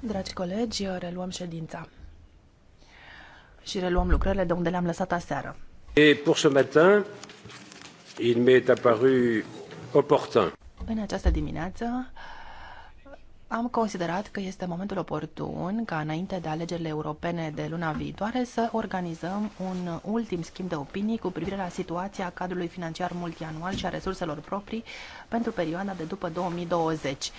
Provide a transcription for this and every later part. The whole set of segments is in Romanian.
Dragi colegi, reluăm ședința. Și reluăm lucrările de unde le-am lăsat aseară. În această dimineață am considerat că este momentul oportun ca înainte de alegerile europene de luna viitoare să organizăm un ultim schimb de opinii cu privire la situația cadrului financiar multianual și a resurselor proprii pentru perioada de după 2020.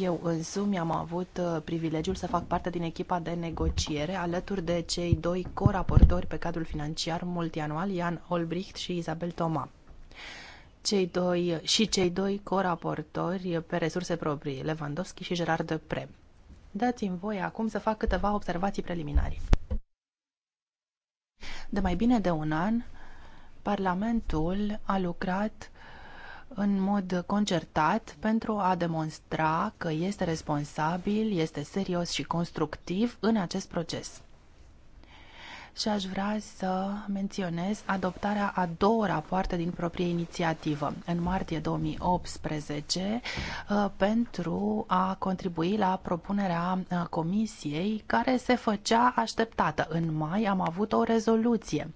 Eu însumi am avut uh, privilegiul să fac parte din echipa de negociere alături de cei doi coraportori pe cadrul financiar multianual, Ian Olbricht și Isabel Toma. Cei doi, și cei doi coraportori pe resurse proprii, Lewandowski și Gerard Depre. Dați-mi voie acum să fac câteva observații preliminari. De mai bine de un an, Parlamentul a lucrat în mod concertat pentru a demonstra că este responsabil, este serios și constructiv în acest proces și aș vrea să menționez adoptarea a două rapoarte din proprie inițiativă în martie 2018 uh, pentru a contribui la propunerea uh, comisiei care se făcea așteptată. În mai am avut o rezoluție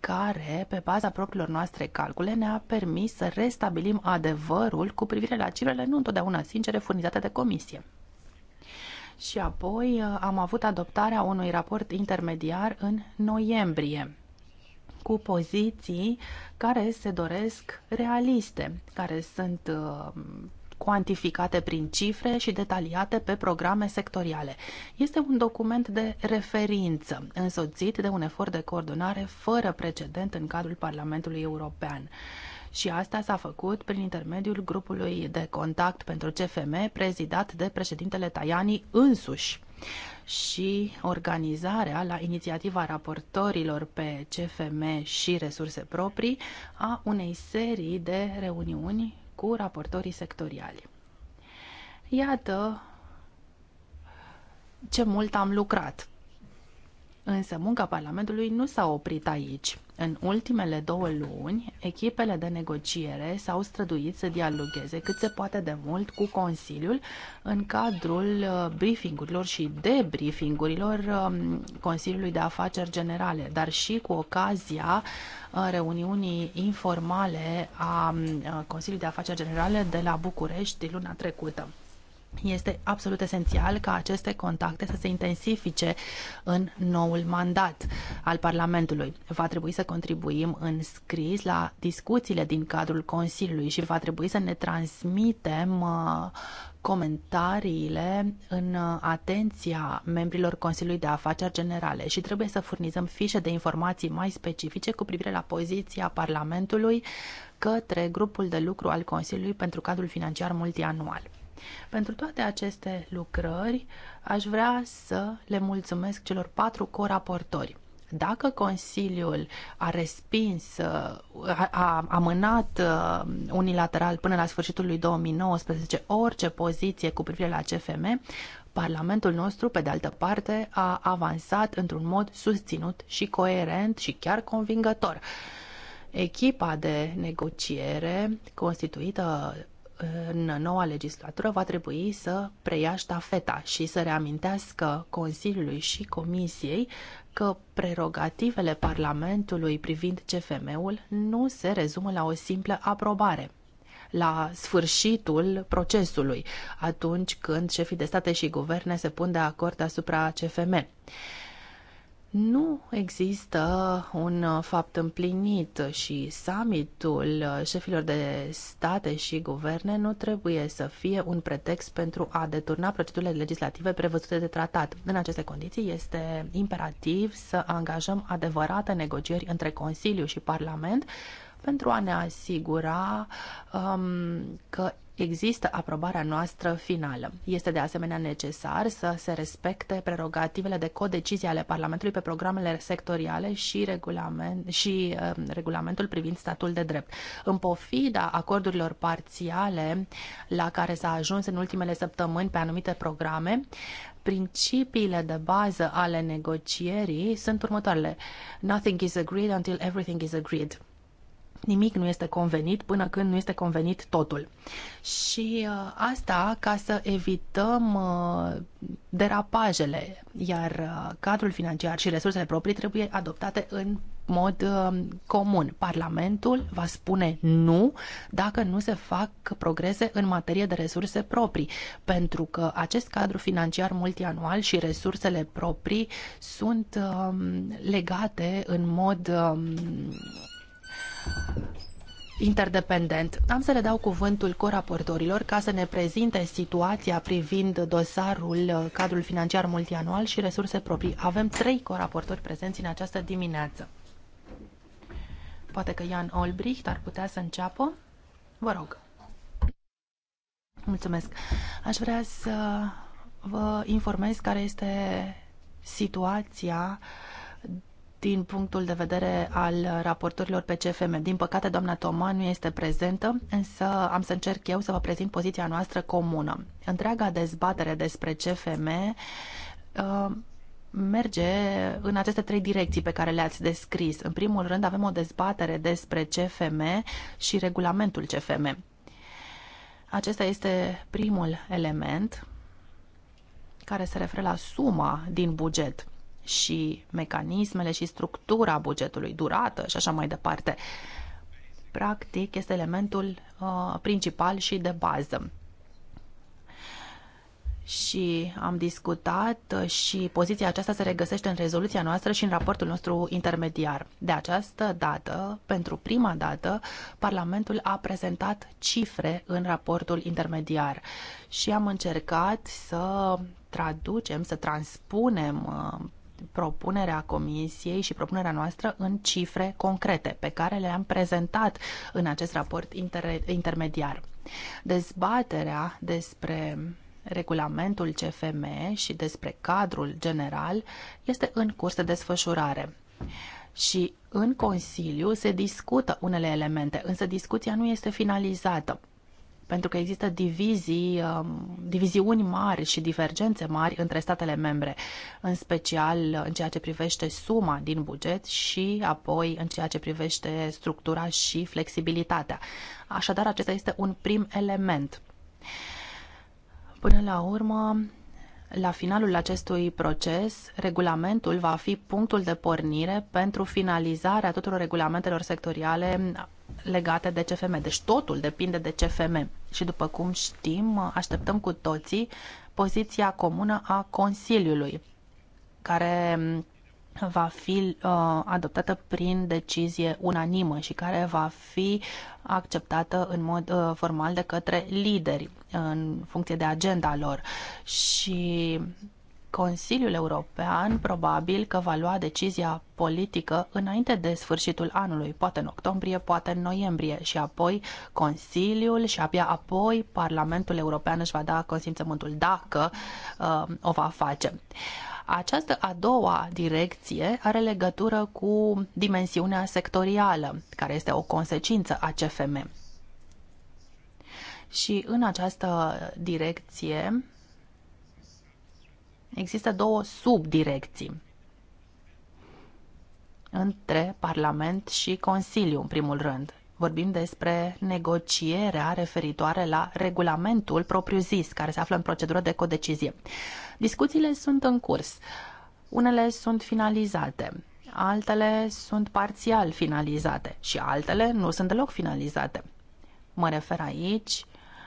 care, pe baza propriilor noastre calcule, ne-a permis să restabilim adevărul cu privire la cifrele nu întotdeauna sincere furnizate de comisie și apoi uh, am avut adoptarea unui raport intermediar în noiembrie cu poziții care se doresc realiste, care sunt uh, cuantificate prin cifre și detaliate pe programe sectoriale. Este un document de referință, însoțit de un efort de coordonare fără precedent în cadrul Parlamentului European și asta s-a făcut prin intermediul grupului de contact pentru CFM prezidat de președintele Tajani însuși și organizarea la inițiativa raportorilor pe CFM și resurse proprii a unei serii de reuniuni cu raportorii sectoriali. Iată ce mult am lucrat. Însă munca Parlamentului nu s-a oprit aici. În ultimele două luni, echipele de negociere s-au străduit să dialogueze cât se poate de mult cu Consiliul în cadrul uh, briefingurilor și debriefingurilor um, Consiliului de Afaceri Generale, dar și cu ocazia uh, reuniunii informale a uh, Consiliului de Afaceri Generale de la București luna trecută. Este absolut esențial ca aceste contacte să se intensifice în noul mandat al Parlamentului. Va trebui să contribuim în scris la discuțiile din cadrul Consiliului și va trebui să ne transmitem uh, comentariile în uh, atenția membrilor Consiliului de Afaceri Generale și trebuie să furnizăm fișe de informații mai specifice cu privire la poziția Parlamentului către grupul de lucru al Consiliului pentru cadrul financiar multianual. Pentru toate aceste lucrări, aș vrea să le mulțumesc celor patru coraportori dacă Consiliul a respins, a, a amânat uh, unilateral până la sfârșitul lui 2019 orice poziție cu privire la CFM, Parlamentul nostru, pe de altă parte, a avansat într-un mod susținut și coerent și chiar convingător. Echipa de negociere constituită în noua legislatură va trebui să preia ștafeta și să reamintească Consiliului și Comisiei că prerogativele Parlamentului privind CFM-ul nu se rezumă la o simplă aprobare la sfârșitul procesului, atunci când șefii de state și guverne se pun de acord asupra CFM. Nu există un uh, fapt împlinit și summitul uh, șefilor de state și guverne nu trebuie să fie un pretext pentru a deturna procedurile legislative prevăzute de tratat. În aceste condiții este imperativ să angajăm adevărate negocieri între Consiliu și Parlament pentru a ne asigura um, că există aprobarea noastră finală. Este de asemenea necesar să se respecte prerogativele de codecizie ale Parlamentului pe programele sectoriale și, regulament, și uh, regulamentul privind statul de drept. În pofida acordurilor parțiale la care s-a ajuns în ultimele săptămâni pe anumite programe, principiile de bază ale negocierii sunt următoarele. Nothing is agreed until everything is agreed. Nimic nu este convenit până când nu este convenit totul. Și uh, asta ca să evităm uh, derapajele, iar uh, cadrul financiar și resursele proprii trebuie adoptate în mod comun. Parlamentul va spune nu dacă nu se fac progrese în materie de resurse proprii, pentru că acest cadru financiar multianual și resursele proprii sunt um, legate în mod um, interdependent. Am să le dau cuvântul coraportorilor ca să ne prezinte situația privind dosarul uh, cadrul financiar multianual și resurse proprii. Avem trei coraportori prezenți în această dimineață. Poate că Ian Olbricht ar putea să înceapă. Vă rog. Mulțumesc. Aș vrea să vă informez care este situația uh, din punctul de vedere al raporturilor pe CFM. Din păcate, doamna Toma nu este prezentă, însă am să încerc eu să vă prezint poziția noastră comună. Întreaga dezbatere despre CFM uh, merge în aceste trei direcții pe care le-ați descris. În primul rând, avem o dezbatere despre CFM și regulamentul CFM. Acesta este primul element care se referă la suma din buget și mecanismele și structura bugetului, durată și așa mai departe. Practic, este elementul uh, principal și de bază și am discutat uh, și poziția aceasta se regăsește în rezoluția noastră și în raportul nostru intermediar. De această dată, pentru prima dată, Parlamentul a prezentat cifre în raportul intermediar și am încercat să traducem, să transpunem uh, propunerea Comisiei și propunerea noastră în cifre concrete pe care le-am prezentat în acest raport inter- intermediar. Dezbaterea despre regulamentul CFM și despre cadrul general este în curs de desfășurare. Și în Consiliu se discută unele elemente, însă discuția nu este finalizată pentru că există divizii, um, diviziuni mari și divergențe mari între statele membre, în special în ceea ce privește suma din buget și apoi în ceea ce privește structura și flexibilitatea. Așadar, acesta este un prim element. Până la urmă, la finalul acestui proces, regulamentul va fi punctul de pornire pentru finalizarea tuturor regulamentelor sectoriale legate de CFM. Deci totul depinde de CFM. Și după cum știm, așteptăm cu toții poziția comună a Consiliului, care mm, va fi uh, adoptată prin decizie unanimă și care va fi acceptată în mod uh, formal de către lideri uh, în funcție de agenda lor. Și Consiliul European probabil că va lua decizia politică înainte de sfârșitul anului, poate în octombrie, poate în noiembrie și apoi Consiliul și abia apoi Parlamentul European își va da consimțământul dacă uh, o va face. Această a doua direcție are legătură cu dimensiunea sectorială, care este o consecință a CFM. Și în această direcție Există două subdirecții între Parlament și Consiliu, în primul rând. Vorbim despre negocierea referitoare la regulamentul propriu-zis, care se află în procedură de codecizie. Discuțiile sunt în curs. Unele sunt finalizate, altele sunt parțial finalizate și altele nu sunt deloc finalizate. Mă refer aici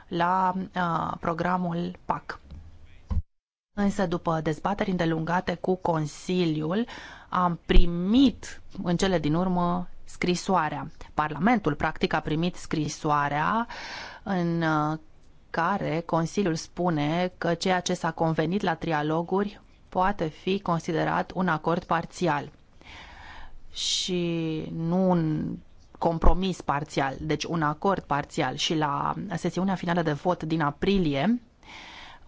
la uh, programul PAC. Însă după dezbateri îndelungate cu Consiliul, am primit în cele din urmă scrisoarea. Parlamentul, practic, a primit scrisoarea în uh, care Consiliul spune că ceea ce s-a convenit la trialoguri poate fi considerat un acord parțial și nu un compromis parțial, deci un acord parțial. Și la sesiunea finală de vot din aprilie,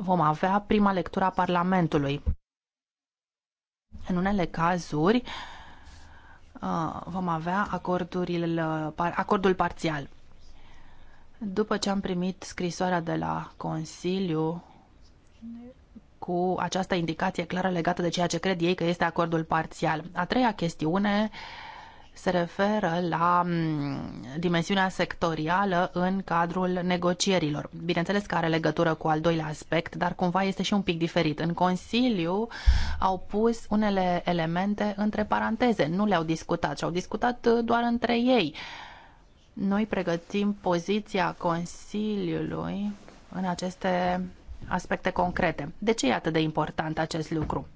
vom avea prima lectură a Parlamentului. În unele cazuri uh, vom avea acordul, parțial. După ce am primit scrisoarea de la Consiliu cu această indicație clară legată de ceea ce cred ei că este acordul parțial. A treia chestiune se referă la mm, dimensiunea sectorială în cadrul negocierilor. Bineînțeles că are legătură cu al doilea aspect, dar cumva este și un pic diferit. În Consiliu au pus unele elemente între paranteze, nu le-au discutat și au discutat uh, doar între ei. Noi pregătim poziția Consiliului în aceste aspecte concrete. De ce e atât de important acest lucru?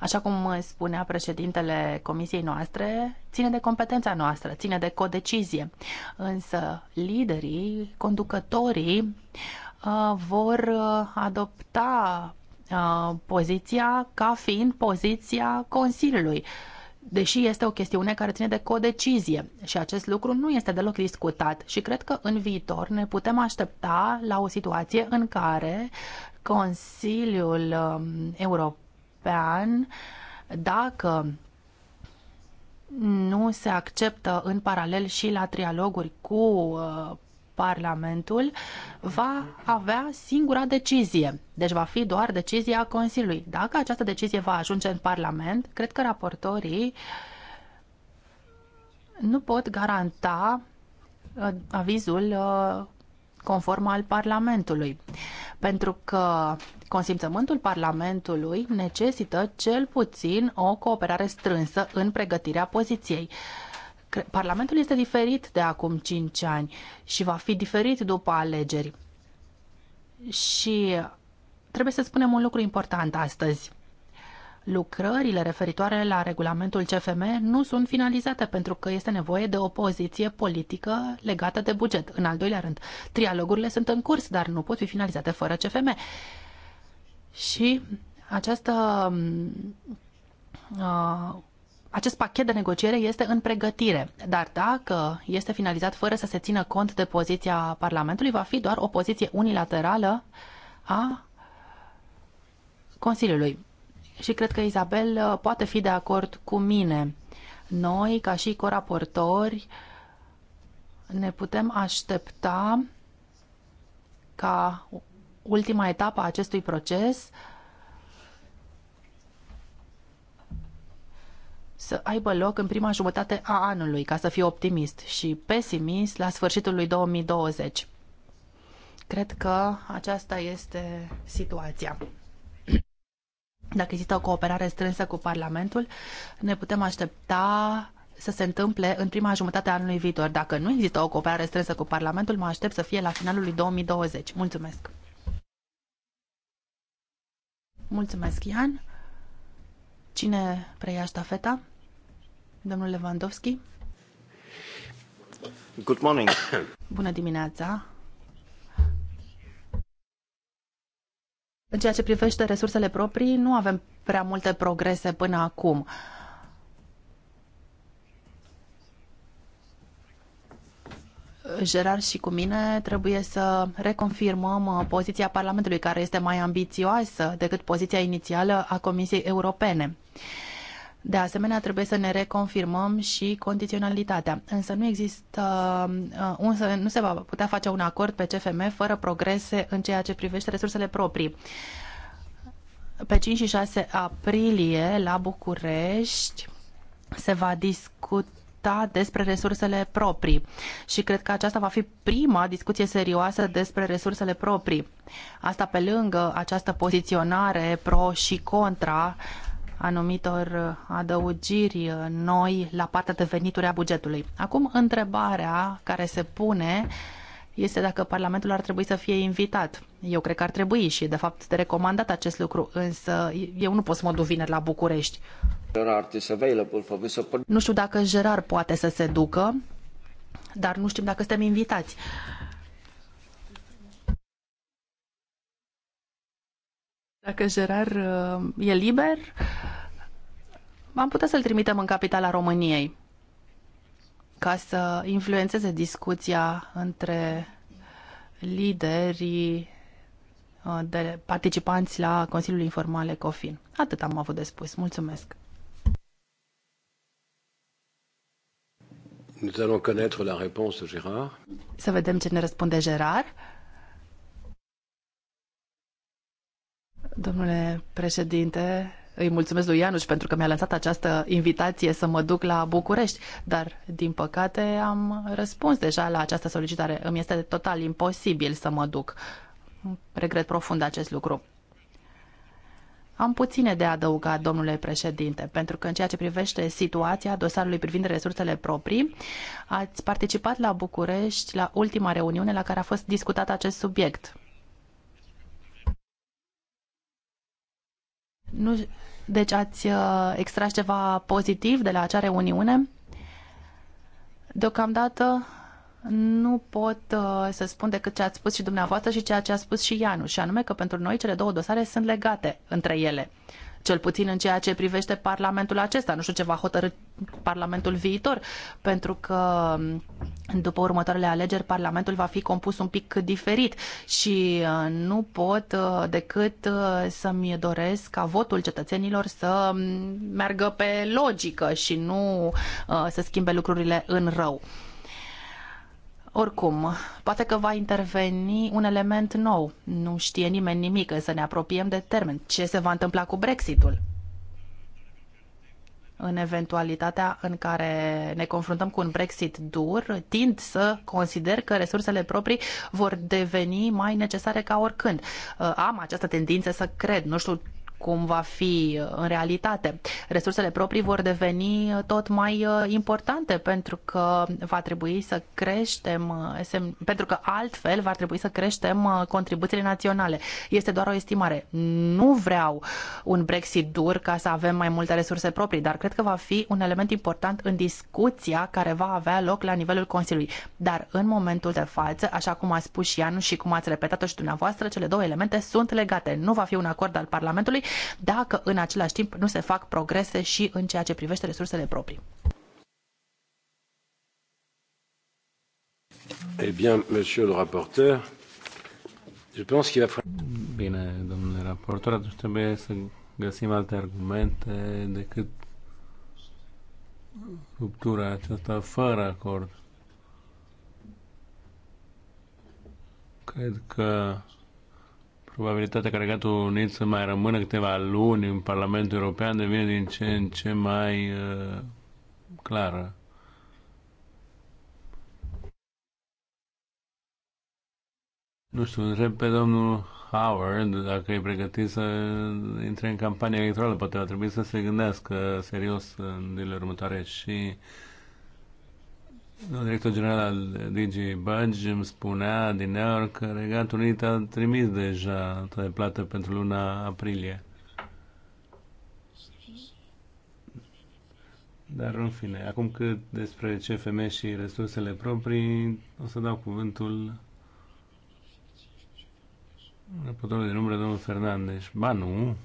Așa cum spunea președintele comisiei noastre, ține de competența noastră, ține de codecizie. Însă liderii, conducătorii uh, vor uh, adopta uh, poziția ca fiind poziția Consiliului deși este o chestiune care ține de codecizie și acest lucru nu este deloc discutat și cred că în viitor ne putem aștepta la o situație în care Consiliul um, Europei pe an dacă nu se acceptă în paralel și la trialoguri cu uh, Parlamentul va avea singura decizie. Deci va fi doar decizia Consiliului. Dacă această decizie va ajunge în Parlament, cred că raportorii nu pot garanta uh, avizul uh, conform al Parlamentului, pentru că consimțământul Parlamentului necesită cel puțin o cooperare strânsă în pregătirea poziției. Parlamentul este diferit de acum 5 ani și va fi diferit după alegeri. Și trebuie să spunem un lucru important astăzi lucrările referitoare la regulamentul CFM nu sunt finalizate pentru că este nevoie de o poziție politică legată de buget. În al doilea rând, trialogurile sunt în curs, dar nu pot fi finalizate fără CFM. Și această uh, acest pachet de negociere este în pregătire, dar dacă este finalizat fără să se țină cont de poziția Parlamentului, va fi doar o poziție unilaterală a Consiliului și cred că Isabel uh, poate fi de acord cu mine. Noi, ca și coraportori, ne putem aștepta ca ultima etapă a acestui proces să aibă loc în prima jumătate a anului, ca să fiu optimist, și pesimist la sfârșitul lui 2020. Cred că aceasta este situația. Dacă există o cooperare strânsă cu Parlamentul, ne putem aștepta să se întâmple în prima jumătate a anului viitor. Dacă nu există o cooperare strânsă cu Parlamentul, mă aștept să fie la finalul lui 2020. Mulțumesc! Mulțumesc, Ian! Cine preia ștafeta? Domnul Lewandowski? Good morning! Bună dimineața! În ceea ce privește resursele proprii, nu avem prea multe progrese până acum. Gerard și cu mine trebuie să reconfirmăm uh, poziția Parlamentului, care este mai ambițioasă decât poziția inițială a Comisiei Europene. De asemenea, trebuie să ne reconfirmăm și condiționalitatea. Însă nu există, uh, însă nu se va putea face un acord pe CFM fără progrese în ceea ce privește resursele proprii. Pe 5 și 6 aprilie, la București, se va discuta discuta despre resursele proprii și cred că aceasta va fi prima discuție serioasă despre resursele proprii. Asta pe lângă această poziționare pro și contra anumitor adăugiri noi la partea de venituri a bugetului. Acum, întrebarea care se pune este dacă Parlamentul ar trebui să fie invitat. Eu cred că ar trebui și, de fapt, de recomandat acest lucru, însă eu nu pot să mă duc vineri la București. Nu știu dacă Gerard poate să se ducă, dar nu știm dacă suntem invitați. Dacă Gerard uh, e liber, am putea să-l trimitem în capitala României ca să influențeze discuția între liderii uh, de participanți la Consiliul Informal Ecofin. Atât am avut de spus. Mulțumesc. Nous allons connaître la réponse, Gérard. Să vedem ce ne răspunde Gerard. Domnule președinte, îi mulțumesc lui Ianuș pentru că mi-a lansat această invitație să mă duc la București, dar din păcate am răspuns deja la această solicitare. Îmi este total imposibil să mă duc. Regret profund acest lucru. Am puține de adăugat, domnule președinte, pentru că în ceea ce privește situația dosarului privind resursele proprii, ați participat la București la ultima reuniune la care a fost discutat acest subiect. Nu, deci ați uh, extras ceva pozitiv de la acea reuniune? Deocamdată nu pot uh, să spun decât ce ați spus și dumneavoastră și ceea ce a spus și Ianu, și anume că pentru noi cele două dosare sunt legate între ele cel puțin în ceea ce privește Parlamentul acesta. Nu știu ce va hotărâ Parlamentul viitor, pentru că mm, după următoarele alegeri Parlamentul va fi compus un pic diferit și uh, nu pot uh, decât uh, să-mi doresc ca votul cetățenilor să mm, meargă pe logică și nu să schimbe lucrurile în rău. Oricum, poate că va interveni un element nou. Nu știe nimeni nimic, să ne apropiem de termen. Ce se va întâmpla cu Brexitul? În eventualitatea în care ne confruntăm cu un Brexit dur, tind să consider că resursele proprii vor deveni mai necesare ca oricând. Uh, am această tendință să cred, nu știu cum va fi uh, în realitate. Resursele proprii vor deveni uh, tot mai uh, importante pentru că va trebui să creștem, pentru că altfel va trebui să creștem contribuțiile naționale. Este doar o estimare. Nu vreau un Brexit dur ca să avem mai multe resurse proprii, dar cred că va fi un element important în discuția care va avea loc la nivelul Consiliului. Dar în momentul de față, așa cum a spus și Ianu și cum ați repetat-o și dumneavoastră, cele două elemente sunt legate. Nu va fi un acord al Parlamentului, dacă în același timp nu se fac progrese și în ceea ce privește resursele proprii. Eh bien, monsieur le rapporteur, je pense qu'il va Bine, domnule raportor, atunci trebuie să găsim alte argumente decât ruptura aceasta fără acord. Cred că probabilitatea că Regatul Unit să mai rămână câteva luni în Parlamentul European devine din ce în ce mai uh, clară. Nu știu, întreb pe domnul Howard dacă e pregătit să intre în campania electorală. Poate va trebui să se gândească serios în zilele următoare și uh, director general al DG Budge îmi spunea din ori că Regatul Unit a trimis deja nota plată pentru luna aprilie. Dar în fine, acum cât despre CFM și resursele proprii, o să dau cuvântul Potorul de umbră, domnul Fernandez. Ba nu,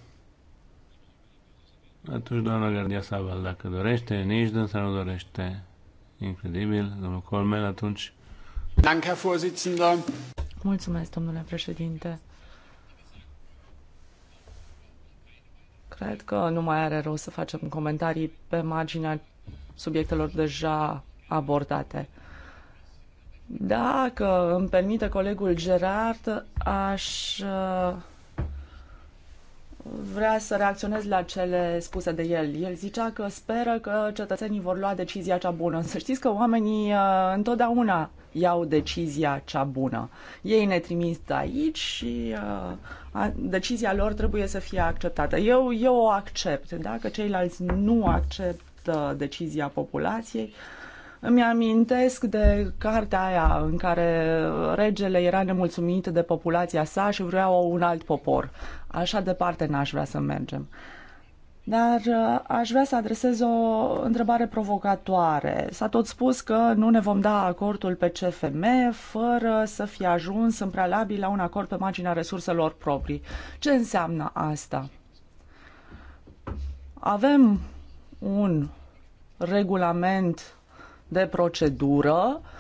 atunci doamna Gardia Saval, dacă dorește, nici dânsa nu dorește. Incredibil, domnul Colmel, atunci. Mulțumesc, domnule președinte. Cred că nu mai are rost să facem comentarii pe marginea subiectelor deja abordate. Dacă îmi permite colegul Gerard, aș vrea să reacționez la cele spuse de el. El zicea că speră că cetățenii vor lua decizia cea bună. Să știți că oamenii uh, întotdeauna iau decizia cea bună. Ei ne trimit aici și uh, a, decizia lor trebuie să fie acceptată. Eu, eu o accept. Dacă ceilalți nu acceptă decizia populației, îmi amintesc de cartea aia în care regele era nemulțumit de populația sa și vrea un alt popor. Așa departe n-aș vrea să mergem. Dar uh, aș vrea să adresez o întrebare provocatoare. S-a tot spus că nu ne vom da acordul pe CFM fără să fie ajuns în prealabil la un acord pe marginea resurselor proprii. Ce înseamnă asta? Avem un regulament de procedură uh,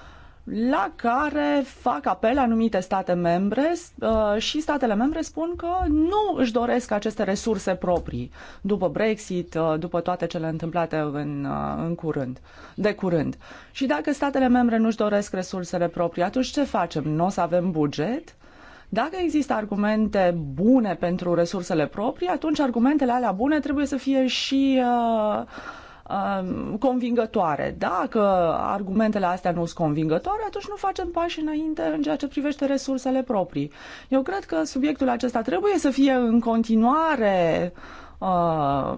la care fac apel anumite state membre uh, și statele membre spun că nu își doresc aceste resurse proprii după Brexit, uh, după toate cele întâmplate în, uh, în curând, de curând. Și dacă statele membre nu își doresc resursele proprii, atunci ce facem? Nu o să avem buget? Dacă există argumente bune pentru resursele proprii, atunci argumentele alea bune trebuie să fie și uh, Um, convingătoare. Dacă argumentele astea nu sunt convingătoare, atunci nu facem pași înainte în ceea ce privește resursele proprii. Eu cred că subiectul acesta trebuie să fie în continuare uh,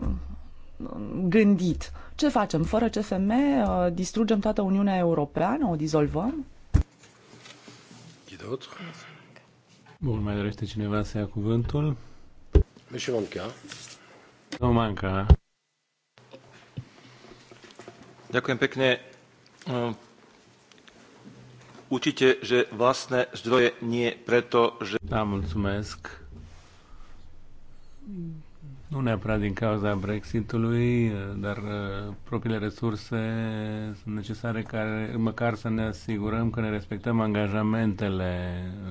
gândit. Ce facem? Fără CFM uh, distrugem toată Uniunea Europeană? O dizolvăm? Bun, mai dorește cineva să ia cuvântul? Mă și Domnul Manca. Ďakujem pekne. Ehm, Učite, že vlastné zdroje nie preto, že... Da, mulțumesc. Nu neapărat din cauza Brexitului, dar propriile resurse sunt necesare care, măcar să ne asigurăm că ne respectăm angajamentele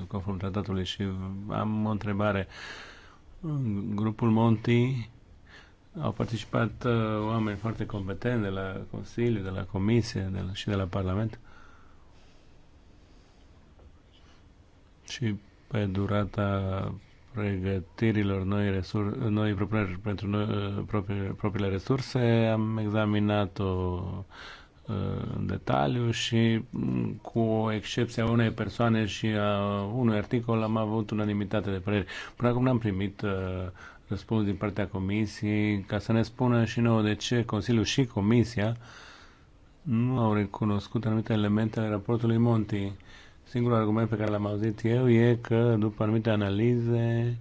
conform tratatului. Și am o întrebare. Grupul Monti au participat uh, oameni foarte competenți de la Consiliu, de la Comisie de la, și de la Parlament. Și pe durata pregătirilor noi, resur- noi propuneri pentru noi, uh, propriile, propriile resurse, am examinat-o uh, în detaliu și mm, cu excepția unei persoane și a unui articol am avut unanimitate de păreri. Până acum n-am primit uh, răspuns din partea Comisiei ca să ne spună și nouă de ce Consiliul și Comisia nu au recunoscut anumite elemente ale raportului Monti. Singurul argument pe care l-am auzit eu e că, după anumite analize,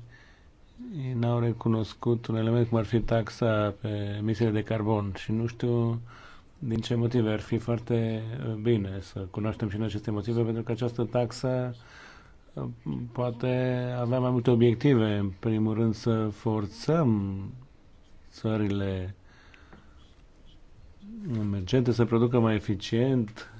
n-au recunoscut un element cum ar fi taxa pe emisiile de carbon și nu știu din ce motive ar fi foarte uh, bine să cunoaștem și noi aceste motive, pentru că această taxă poate avea mai multe obiective. În primul rând să forțăm țările emergente să producă mai eficient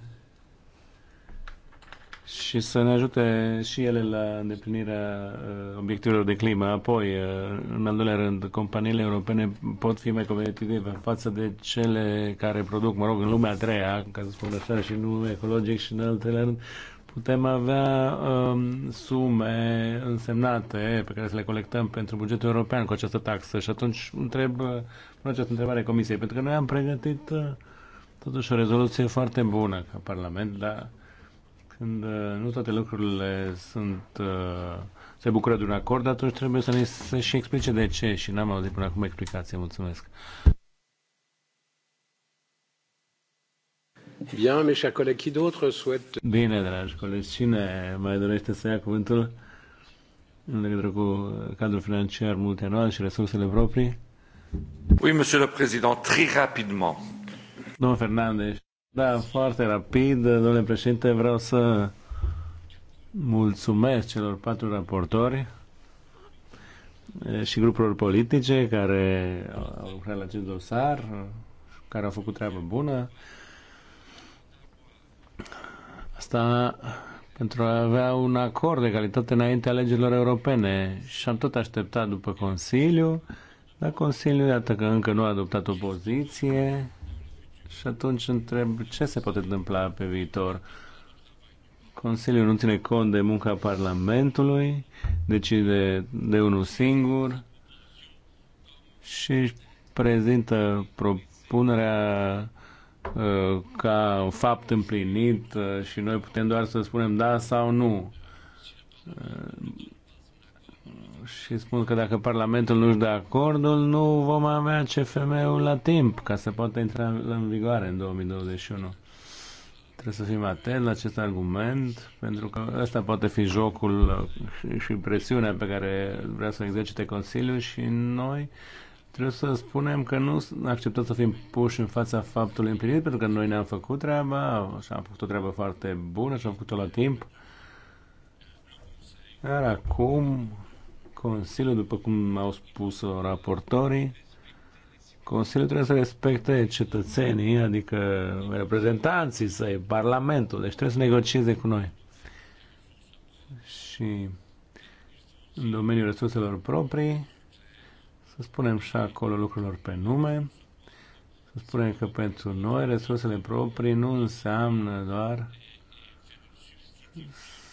și să ne ajute și ele la îndeplinirea uh, obiectivelor de climă. Apoi, uh, în al doilea rând, companiile europene pot fi mai competitive față de cele care produc, mă rog, în lumea a treia, ca să spun așa, și nu ecologic, și în al treilea rând, putem avea um, sume însemnate pe care să le colectăm pentru bugetul european cu această taxă și atunci întreb în uh, această întrebare Comisiei, pentru că noi am pregătit uh, totuși o rezoluție foarte bună ca Parlament, dar când uh, nu toate lucrurile sunt uh, se bucură de un acord, atunci trebuie să ne să și explice de ce și n-am auzit până acum explicație. Mulțumesc! Bien, mes chers collègues, qui d'autre souhaite... Bine, dragi colegi, cine mai dorește să ia cuvântul în legătură cu uh, cadrul financiar multianual și resursele proprii? Oui, monsieur le président, très rapidement. Domnul Fernandez, da, foarte rapid, domnule președinte, vreau să mulțumesc celor patru raportori eh, și grupurilor politice care au lucrat la acest dosar, care au făcut treabă bună. Asta pentru a avea un acord de calitate înainte alegerilor europene. Și am tot așteptat după Consiliu, dar Consiliu, iată că încă nu a adoptat o poziție și atunci întreb ce se poate întâmpla pe viitor. Consiliul nu ține cont de munca Parlamentului, decide de unul singur și prezintă propunerea Uh, ca un fapt împlinit uh, și noi putem doar să spunem da sau nu. Uh, și spun că dacă Parlamentul nu-și dă acordul, nu vom avea CFM-ul la timp ca să poată intra în vigoare în 2021. Trebuie să fim atenți la acest argument, pentru că ăsta poate fi jocul și presiunea pe care vrea să exercite Consiliul și noi Trebuie să spunem că nu acceptăm să fim puși în fața faptului împlinit, pentru că noi ne-am făcut treaba și am făcut o treabă foarte bună și am făcut-o la timp. Dar acum, Consiliul, după cum au spus raportorii, Consiliul trebuie să respecte cetățenii, adică reprezentanții săi, Parlamentul, deci trebuie să negocieze cu noi. Și în domeniul resurselor proprii, să spunem și acolo lucrurilor pe nume, să spunem că pentru noi resursele proprii nu înseamnă doar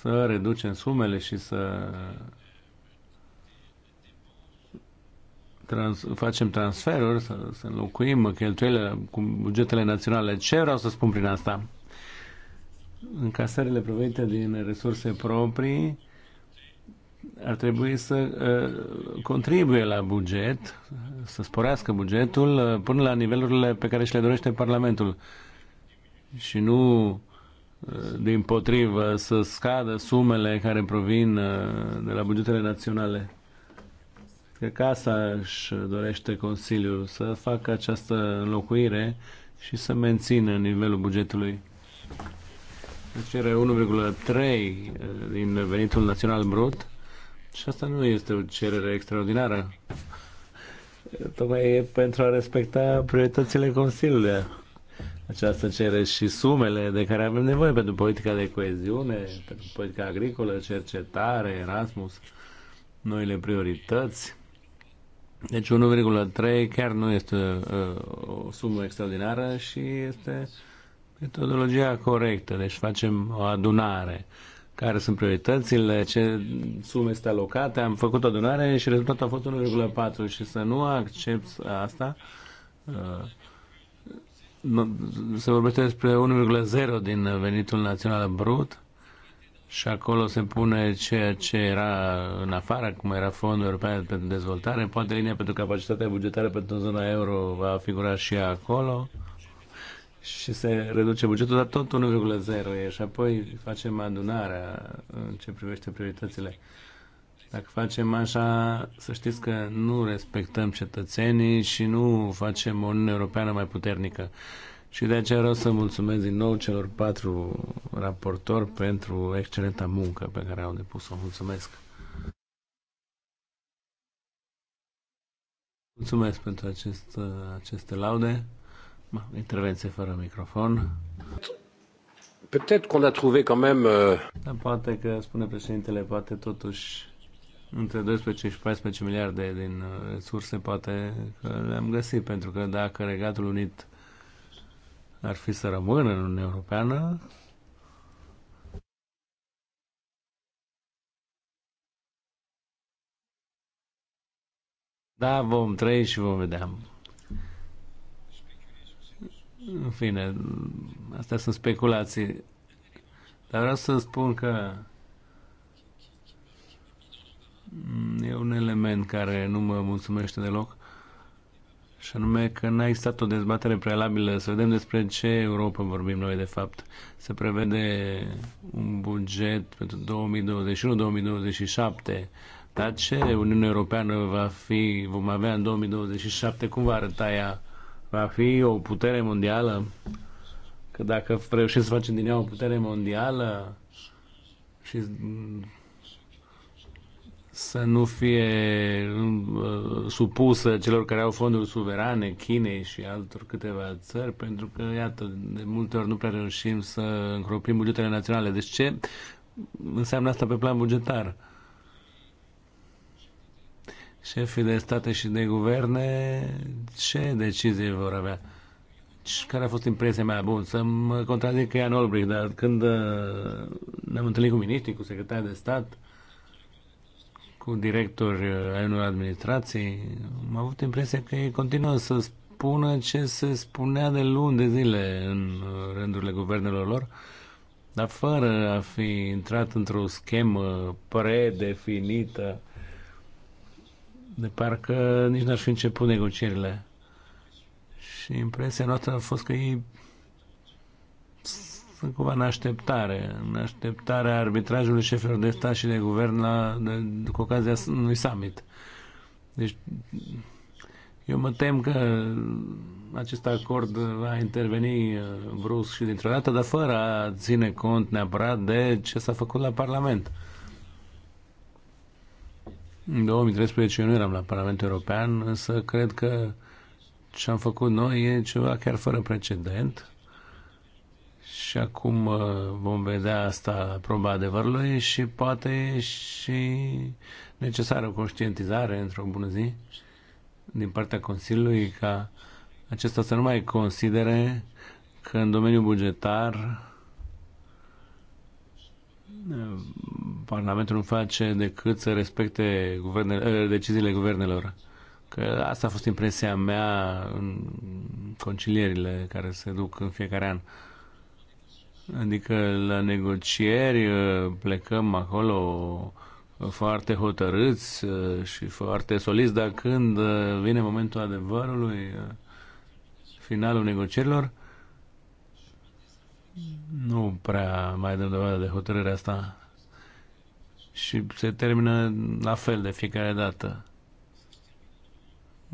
să reducem sumele și să trans, facem transferuri, să, să înlocuim cheltuielile cu bugetele naționale. Ce vreau să spun prin asta? Încasările provenite din resurse proprii ar trebui să uh, contribuie la buget, să sporească bugetul uh, până la nivelurile pe care și le dorește Parlamentul și nu uh, din potrivă să scadă sumele care provin de la bugetele naționale. că casa își dorește Consiliul, să facă această înlocuire și să mențină nivelul bugetului. Deci era 1,3 din venitul național brut și asta nu este o cerere extraordinară. Tocmai e pentru a respecta prioritățile Consiliului. Această cere și sumele de care avem nevoie pentru politica de coeziune, pentru politica agricolă, cercetare, Erasmus, noile priorități. Deci 1,3 chiar nu este uh, o sumă extraordinară și este metodologia corectă. Deci facem o adunare. Uh, care sunt prioritățile, ce sume este alocate. Am făcut o donare și rezultatul a fost 1,4 și să nu accept asta. Uh, se vorbește despre 1,0 din venitul național brut și acolo se pune ceea ce era în afară, cum era Fondul European pentru Dezvoltare. Poate linia pentru capacitatea bugetară pentru zona euro va figura și acolo și se reduce bugetul, dar tot 1,0 e și apoi facem adunarea în ce privește prioritățile. Dacă facem așa, să știți că nu respectăm cetățenii și nu facem o Uniune Europeană mai puternică. Și de aceea vreau să mulțumesc din nou celor patru raportori pentru excelenta muncă pe care au depus-o. Mulțumesc! Mulțumesc pentru acest, aceste laude. Intervenție fără microfon. Peut-être qu'on a trouvé quand même... Euh, da, poate că, spune președintele, poate totuși între 12 și 14 miliarde din uh, resurse poate că le-am găsit, pentru că dacă Regatul Unit ar fi să rămână în Uniunea Europeană, Da, vom trăi și vom vedea. În fine, astea sunt speculații. Dar vreau să spun că e un element care nu mă mulțumește deloc și anume că n-a existat o dezbatere prealabilă să vedem despre ce Europa vorbim noi de fapt. Se prevede un buget pentru 2021-2027 dar ce Uniunea Europeană va fi, vom avea în 2027, cum va arăta ea? va fi o putere mondială, că dacă reușim să facem din ea o putere mondială și să nu fie uh, supusă celor care au fonduri suverane, Chinei și altor câteva țări, pentru că, iată, de multe ori nu prea reușim să încropim bugetele naționale. Deci ce înseamnă asta pe plan bugetar? șefii de state și de guverne ce decizie vor avea? Care a fost impresia mea? Bun, să mă contrazic că e Olbrich, dar când uh, ne-am întâlnit cu miniștri, cu secretari de stat, cu directori uh, ai unor administrații, am avut impresia că ei continuă să spună ce se spunea de luni de zile în uh, rândurile guvernelor lor, dar fără a fi intrat într-o schemă predefinită de parcă nici n-aș fi început negocierile. Și impresia noastră a fost că ei sunt cumva în așteptare, în așteptarea arbitrajului șefilor de stat și de guvern la, de, cu ocazia unui summit. Deci, eu mă tem că acest acord va interveni uh, brusc și dintr-o dată, dar fără a ține cont neapărat de ce s-a făcut la Parlament. În 2013 eu nu eram la Parlamentul European, însă cred că ce am făcut noi e ceva chiar fără precedent și acum uh, vom vedea asta proba adevărului și poate și necesară o conștientizare într-o bună zi din partea Consiliului ca acesta să nu mai considere că în domeniul bugetar Parlamentul nu face decât să respecte guvernele, eh, deciziile guvernelor. Că asta a fost impresia mea în concilierile care se duc în fiecare an. Adică la negocieri eh, plecăm acolo foarte hotărâți eh, și foarte soliți, dar când vine momentul adevărului, finalul negocierilor, nu prea mai dăm dovadă de hotărârea asta și se termină la fel de fiecare dată.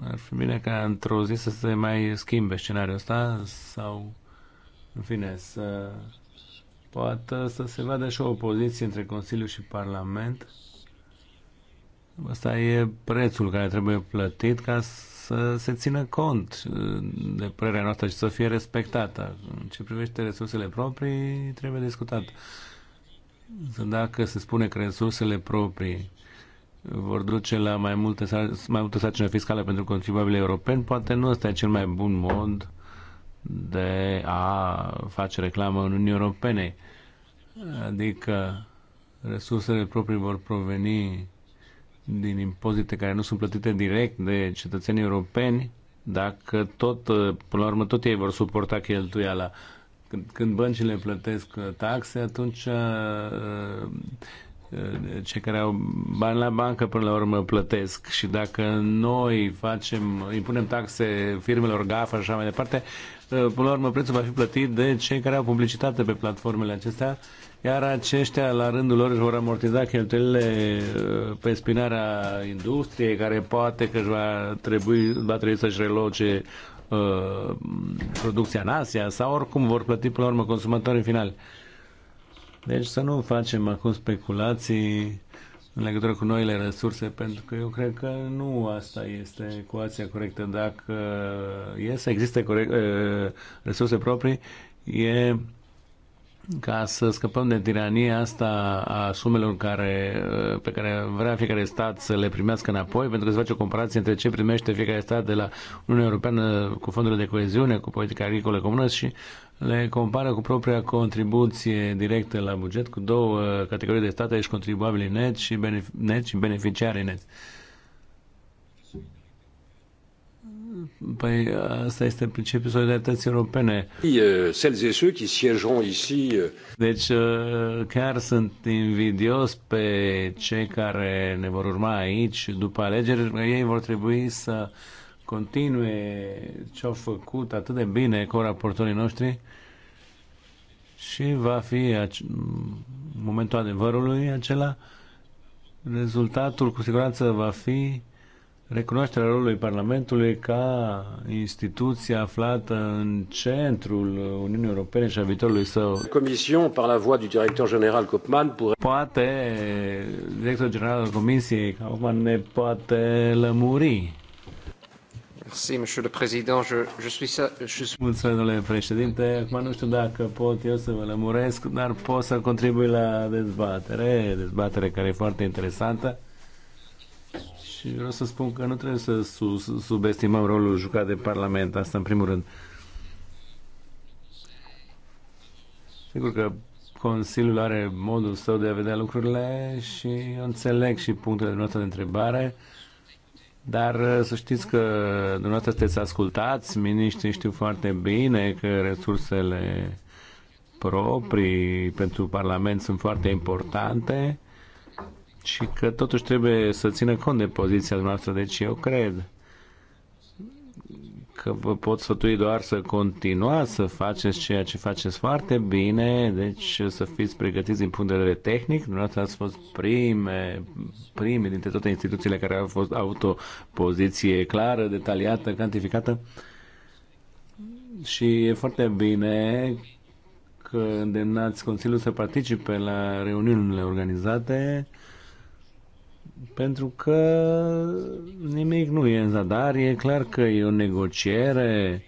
Ar fi bine ca într-o zi să se mai schimbe scenariul ăsta sau, în fine, să poată să se vadă și o opoziție între Consiliu și Parlament. Asta e prețul care trebuie plătit ca să să se țină cont uh, de părerea noastră și să fie respectată. În ce privește resursele proprii, trebuie discutat. dacă se spune că resursele proprii vor duce la mai multe, mai multe sarcini fiscale pentru contribuabile europeni, poate nu ăsta e cel mai bun mod de a face reclamă în Uniunea Europene. Adică resursele proprii vor proveni din impozite care nu sunt plătite direct de cetățenii europeni, dacă tot, uh, până la urmă, tot ei vor suporta cheltuiala. Când, când băncile plătesc uh, taxe, atunci uh, cei care au bani la bancă până la urmă plătesc și dacă noi facem, impunem taxe firmelor GAFA și așa mai departe, până la urmă prețul va fi plătit de cei care au publicitate pe platformele acestea iar aceștia la rândul lor își vor amortiza cheltuielile uh, pe spinarea industriei, care poate că va trebui, va trebui să-și reloce uh, producția în Asia sau oricum vor plăti până la urmă consumatorii final. Deci să nu facem acum speculații în legătură cu noile resurse, pentru că eu cred că nu asta este ecuația corectă. Dacă e să existe corect, uh, resurse proprii, e ca să scăpăm de tirania asta a sumelor care, pe care vrea fiecare stat să le primească înapoi, pentru că se face o comparație între ce primește fiecare stat de la Uniunea Europeană cu fondurile de coeziune, cu politica agricolă comună și le compară cu propria contribuție directă la buget, cu două categorii de state, aici contribuabili net și, benefic- net și beneficiarii net. Uh, Păi asta este principiul solidarității europene. Celles et ceux ici. Deci chiar sunt invidios pe cei care ne vor urma aici după alegeri. Ei vor trebui să continue ce au făcut atât de bine cu raportorii noștri și va fi momentul adevărului acela. Rezultatul cu siguranță va fi recunoașterea rolului Parlamentului ca instituție aflată în centrul Uniunii Europene și a viitorului său. Comision, par la voie du director general Kopman, pour... poate director general al Comisiei Kopman ne poate lămuri. Merci, monsieur le président. Je, je suis, je suis... Mulțumesc, domnule președinte. Acum nu știu dacă pot eu să vă lămuresc, dar pot să contribui la dezbatere, dezbatere care e foarte interesantă. Deci vreau să spun că nu trebuie să subestimăm rolul jucat de Parlament, asta în primul rând. Sigur că Consiliul are modul său de a vedea lucrurile și eu înțeleg și punctele noastre de întrebare, dar uh, să știți că dumneavoastră sunteți ascultați, miniștrii știu foarte bine că resursele proprii pentru Parlament sunt foarte importante și că totuși trebuie să țină cont de poziția noastră. Deci eu cred că vă pot sfătui doar să continuați să faceți ceea ce faceți foarte bine, deci să fiți pregătiți din punct de vedere tehnic. Dumneavoastră ați fost prime, primii dintre toate instituțiile care au fost avut o poziție clară, detaliată, cantificată. Și e foarte bine că îndemnați Consiliul să participe la reuniunile organizate pentru că nimic nu e în zadar, e clar că e o negociere,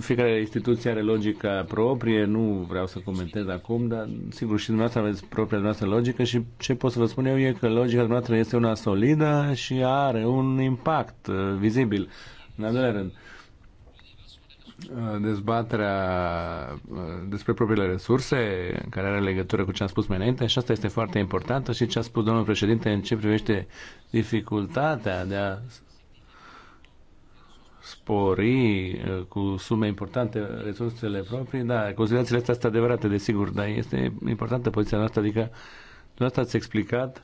fiecare instituție are logica proprie, nu vreau să comentez acum, dar sigur și dumneavoastră aveți propria dumneavoastră logică și ce pot să vă spun eu e că logica dumneavoastră este una solidă și are un impact uh, vizibil. În al doilea rând, uh, Uh, dezbaterea uh, despre propriile resurse, care are legătură cu ce am spus mai înainte, și asta este foarte importantă și ce a spus domnul președinte în ce privește dificultatea de a spori uh, cu sume importante resursele proprii, da, considerațiile astea sunt adevărate, desigur, dar este importantă poziția noastră, adică dumneavoastră ați explicat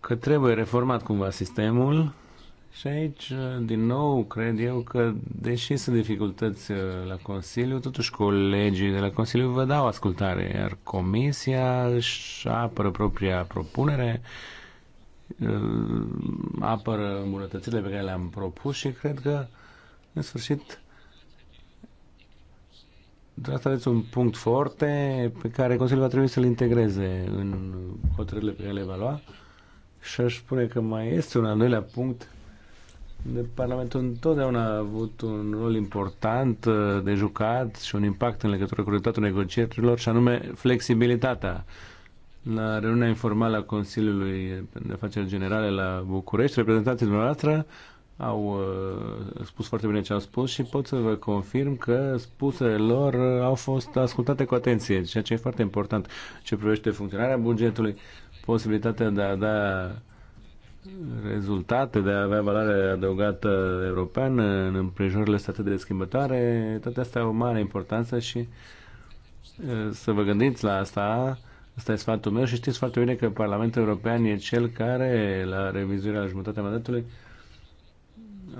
că trebuie reformat cumva sistemul și aici, uh, din nou, cred eu că, deși sunt dificultăți uh, la Consiliu, totuși colegii de la Consiliu vă dau ascultare, iar Comisia își apără propria propunere, uh, apără îmbunătățirile pe care le-am propus și cred că, în sfârșit, Asta aveți un punct foarte pe care Consiliul va trebui să-l integreze în hotărârile pe care le va lua și aș spune că mai este un al doilea punct Parlamentul întotdeauna a avut un rol important uh, de jucat și un impact în legătură cu rezultatul negocierilor și anume flexibilitatea. La reuniunea informală a Consiliului de Afaceri Generale la București, reprezentanții dumneavoastră au uh, spus foarte bine ce au spus și pot să vă confirm că spusele lor uh, au fost ascultate cu atenție, ceea ce e foarte important ce privește funcționarea bugetului, posibilitatea de a da rezultate, de a avea valoare adăugată europeană în împrejurările state de schimbătoare, toate astea au mare importanță și să vă gândiți la asta, asta e sfatul meu și știți foarte bine că Parlamentul European e cel care, la revizuirea la jumătatea mandatului,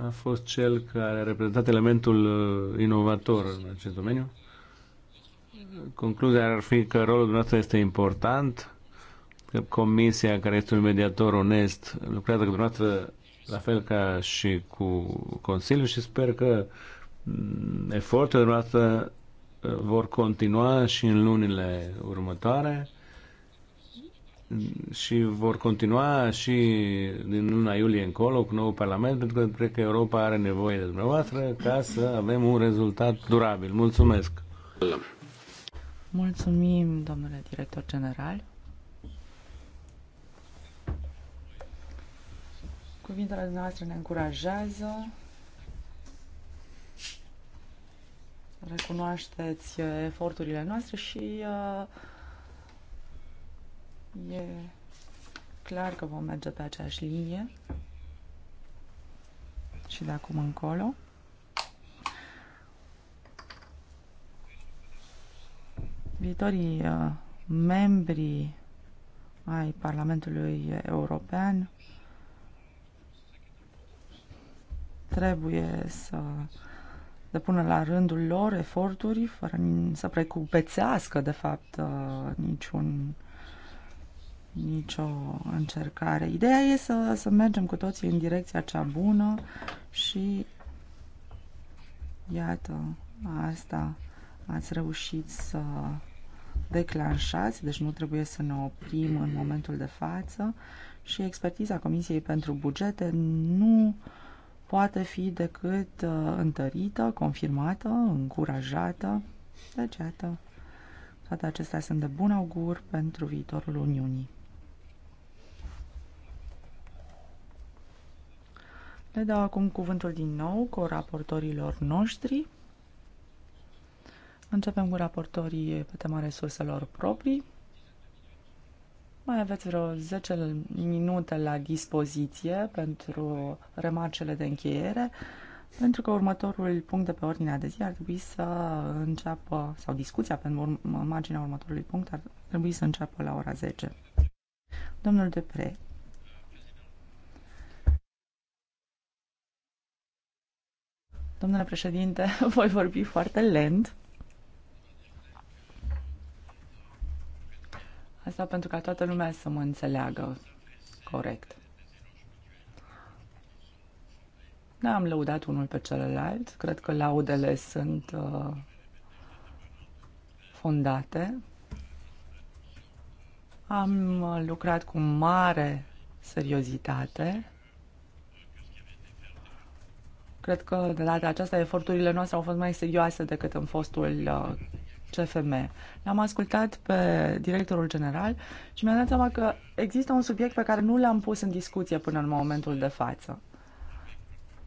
a fost cel care a reprezentat elementul inovator în acest domeniu. Concluzia ar fi că rolul dumneavoastră este important, comisia, care este un mediator onest, lucrează cu dumneavoastră la fel ca și cu Consiliul și sper că mm, eforturile dumneavoastră uh, vor continua și în lunile următoare și vor continua și din luna iulie încolo cu noul Parlament, pentru că cred că Europa are nevoie de dumneavoastră ca să avem un rezultat durabil. Mulțumesc! Mulțumim, domnule director general. Cuvintele noastre ne încurajează. Recunoașteți uh, eforturile noastre și uh, e clar că vom merge pe aceeași linie și de acum încolo. Viitorii uh, membri ai Parlamentului European trebuie să depună la rândul lor eforturi fără să precupețească, de fapt, uh, niciun, nicio încercare. Ideea e să, să mergem cu toții în direcția cea bună și iată, asta ați reușit să declanșați, deci nu trebuie să ne oprim în momentul de față și expertiza Comisiei pentru Bugete nu uh, poate fi decât uh, întărită, confirmată, încurajată. Deci, iată, toate acestea sunt de bun augur pentru viitorul Uniunii. Le dau acum cuvântul din nou cu raportorilor noștri. Începem cu raportorii pe tema resurselor proprii. Mai aveți vreo 10 minute la dispoziție pentru remarcele de încheiere, pentru că următorul punct de pe ordinea de zi ar trebui să înceapă, sau discuția pe marginea următorului punct ar trebui să înceapă la ora 10. Domnul Depre, Domnule președinte, voi vorbi foarte lent. Asta pentru ca toată lumea să mă înțeleagă corect. Nu am lăudat unul pe celălalt. Cred că laudele sunt uh, fondate. Am uh, lucrat cu mare seriozitate. Cred că de data aceasta eforturile noastre au fost mai serioase decât în fostul uh, CFM. L-am ascultat pe directorul general și mi-am dat seama că există un subiect pe care nu l-am pus în discuție până în momentul de față.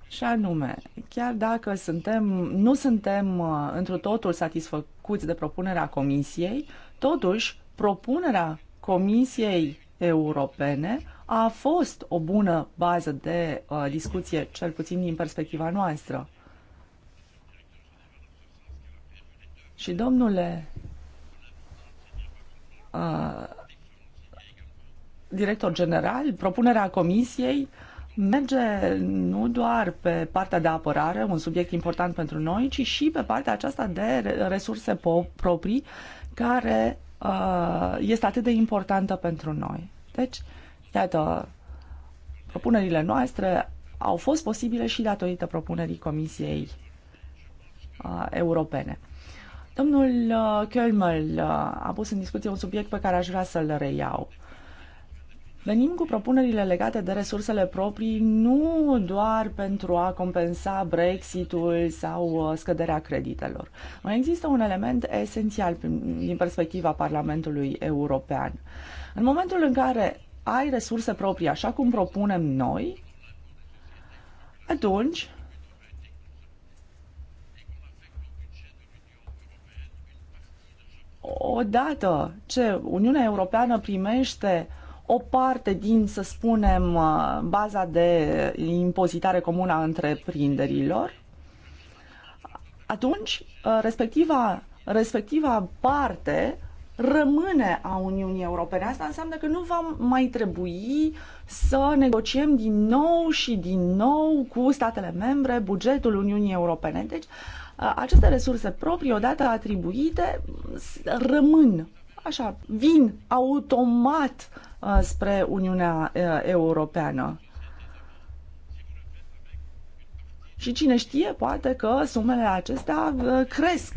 Și anume, chiar dacă suntem, nu suntem uh, într totul satisfăcuți de propunerea Comisiei, totuși propunerea Comisiei Europene a fost o bună bază de uh, discuție, cel puțin din perspectiva noastră. Și domnule uh, director general, propunerea comisiei merge nu doar pe partea de apărare, un subiect important pentru noi, ci și pe partea aceasta de resurse proprii, care uh, este atât de importantă pentru noi. Deci, iată, propunerile noastre au fost posibile și datorită propunerii Comisiei uh, Europene. Domnul uh, Kölmel uh, a pus în discuție un subiect pe care aș vrea să-l reiau. Venim cu propunerile legate de resursele proprii nu doar pentru a compensa Brexitul sau uh, scăderea creditelor. Mai există un element esențial din perspectiva Parlamentului European. În momentul în care ai resurse proprii, așa cum propunem noi, atunci odată ce Uniunea Europeană primește o parte din, să spunem, uh, baza de impozitare comună a întreprinderilor, atunci uh, respectiva, respectiva parte rămâne a Uniunii Europene. Asta înseamnă că nu va mai trebui uh, să negociem din nou și din nou cu statele membre bugetul Uniunii Europene. Deci, aceste resurse proprii, odată atribuite, rămân, așa, vin automat spre Uniunea Europeană. Și cine știe, poate că sumele acestea cresc,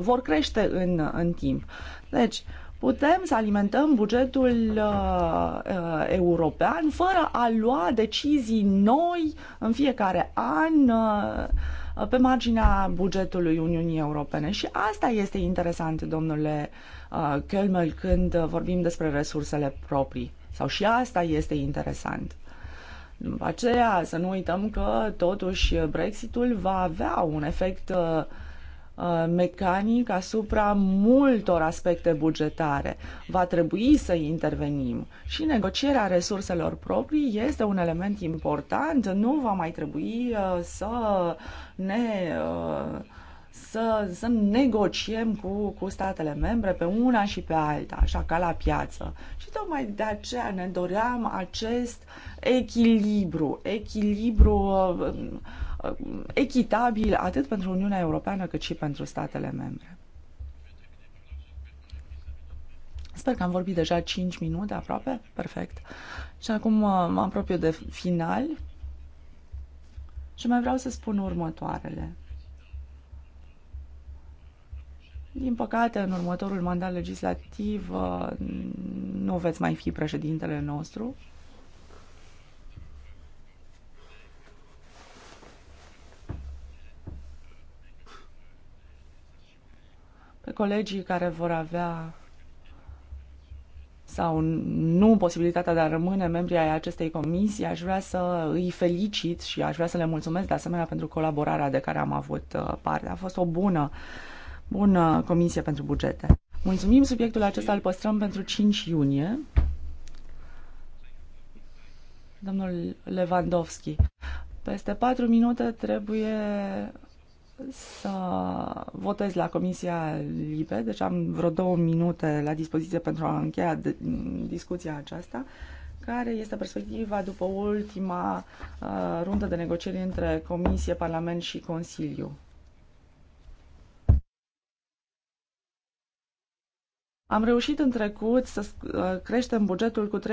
vor crește în, în timp. Deci, putem să alimentăm bugetul uh, uh, european fără a lua decizii noi în fiecare an uh, pe marginea bugetului Uniunii Europene. Și asta este interesant, domnule uh, Kelmel, când vorbim despre resursele proprii. Sau și asta este interesant. După aceea, să nu uităm că totuși Brexitul va avea un efect uh, Uh, mecanic asupra multor aspecte bugetare. Va trebui să intervenim și negocierea resurselor proprii este un element important. Nu va mai trebui uh, să ne uh, să, să negociem cu, cu statele membre pe una și pe alta, așa ca la piață. Și tocmai de aceea ne doream acest echilibru, echilibru uh, echitabil atât pentru Uniunea Europeană cât și pentru statele membre. Sper că am vorbit deja 5 minute aproape. Perfect. Și acum uh, mă apropiu de final. Și mai vreau să spun următoarele. Din păcate, în următorul mandat legislativ uh, nu veți mai fi președintele nostru. pe colegii care vor avea sau nu posibilitatea de a rămâne membri ai acestei comisii, aș vrea să îi felicit și aș vrea să le mulțumesc de asemenea pentru colaborarea de care am avut uh, parte. A fost o bună, bună comisie pentru bugete. Mulțumim, subiectul acesta îl păstrăm pentru 5 iunie. Domnul Lewandowski, peste 4 minute trebuie să votez la Comisia Libe, deci am vreo două minute la dispoziție pentru a încheia discuția aceasta, care este perspectiva după ultima uh, rundă de negocieri între Comisie, Parlament și Consiliu. Am reușit în trecut să uh, creștem bugetul cu 3,5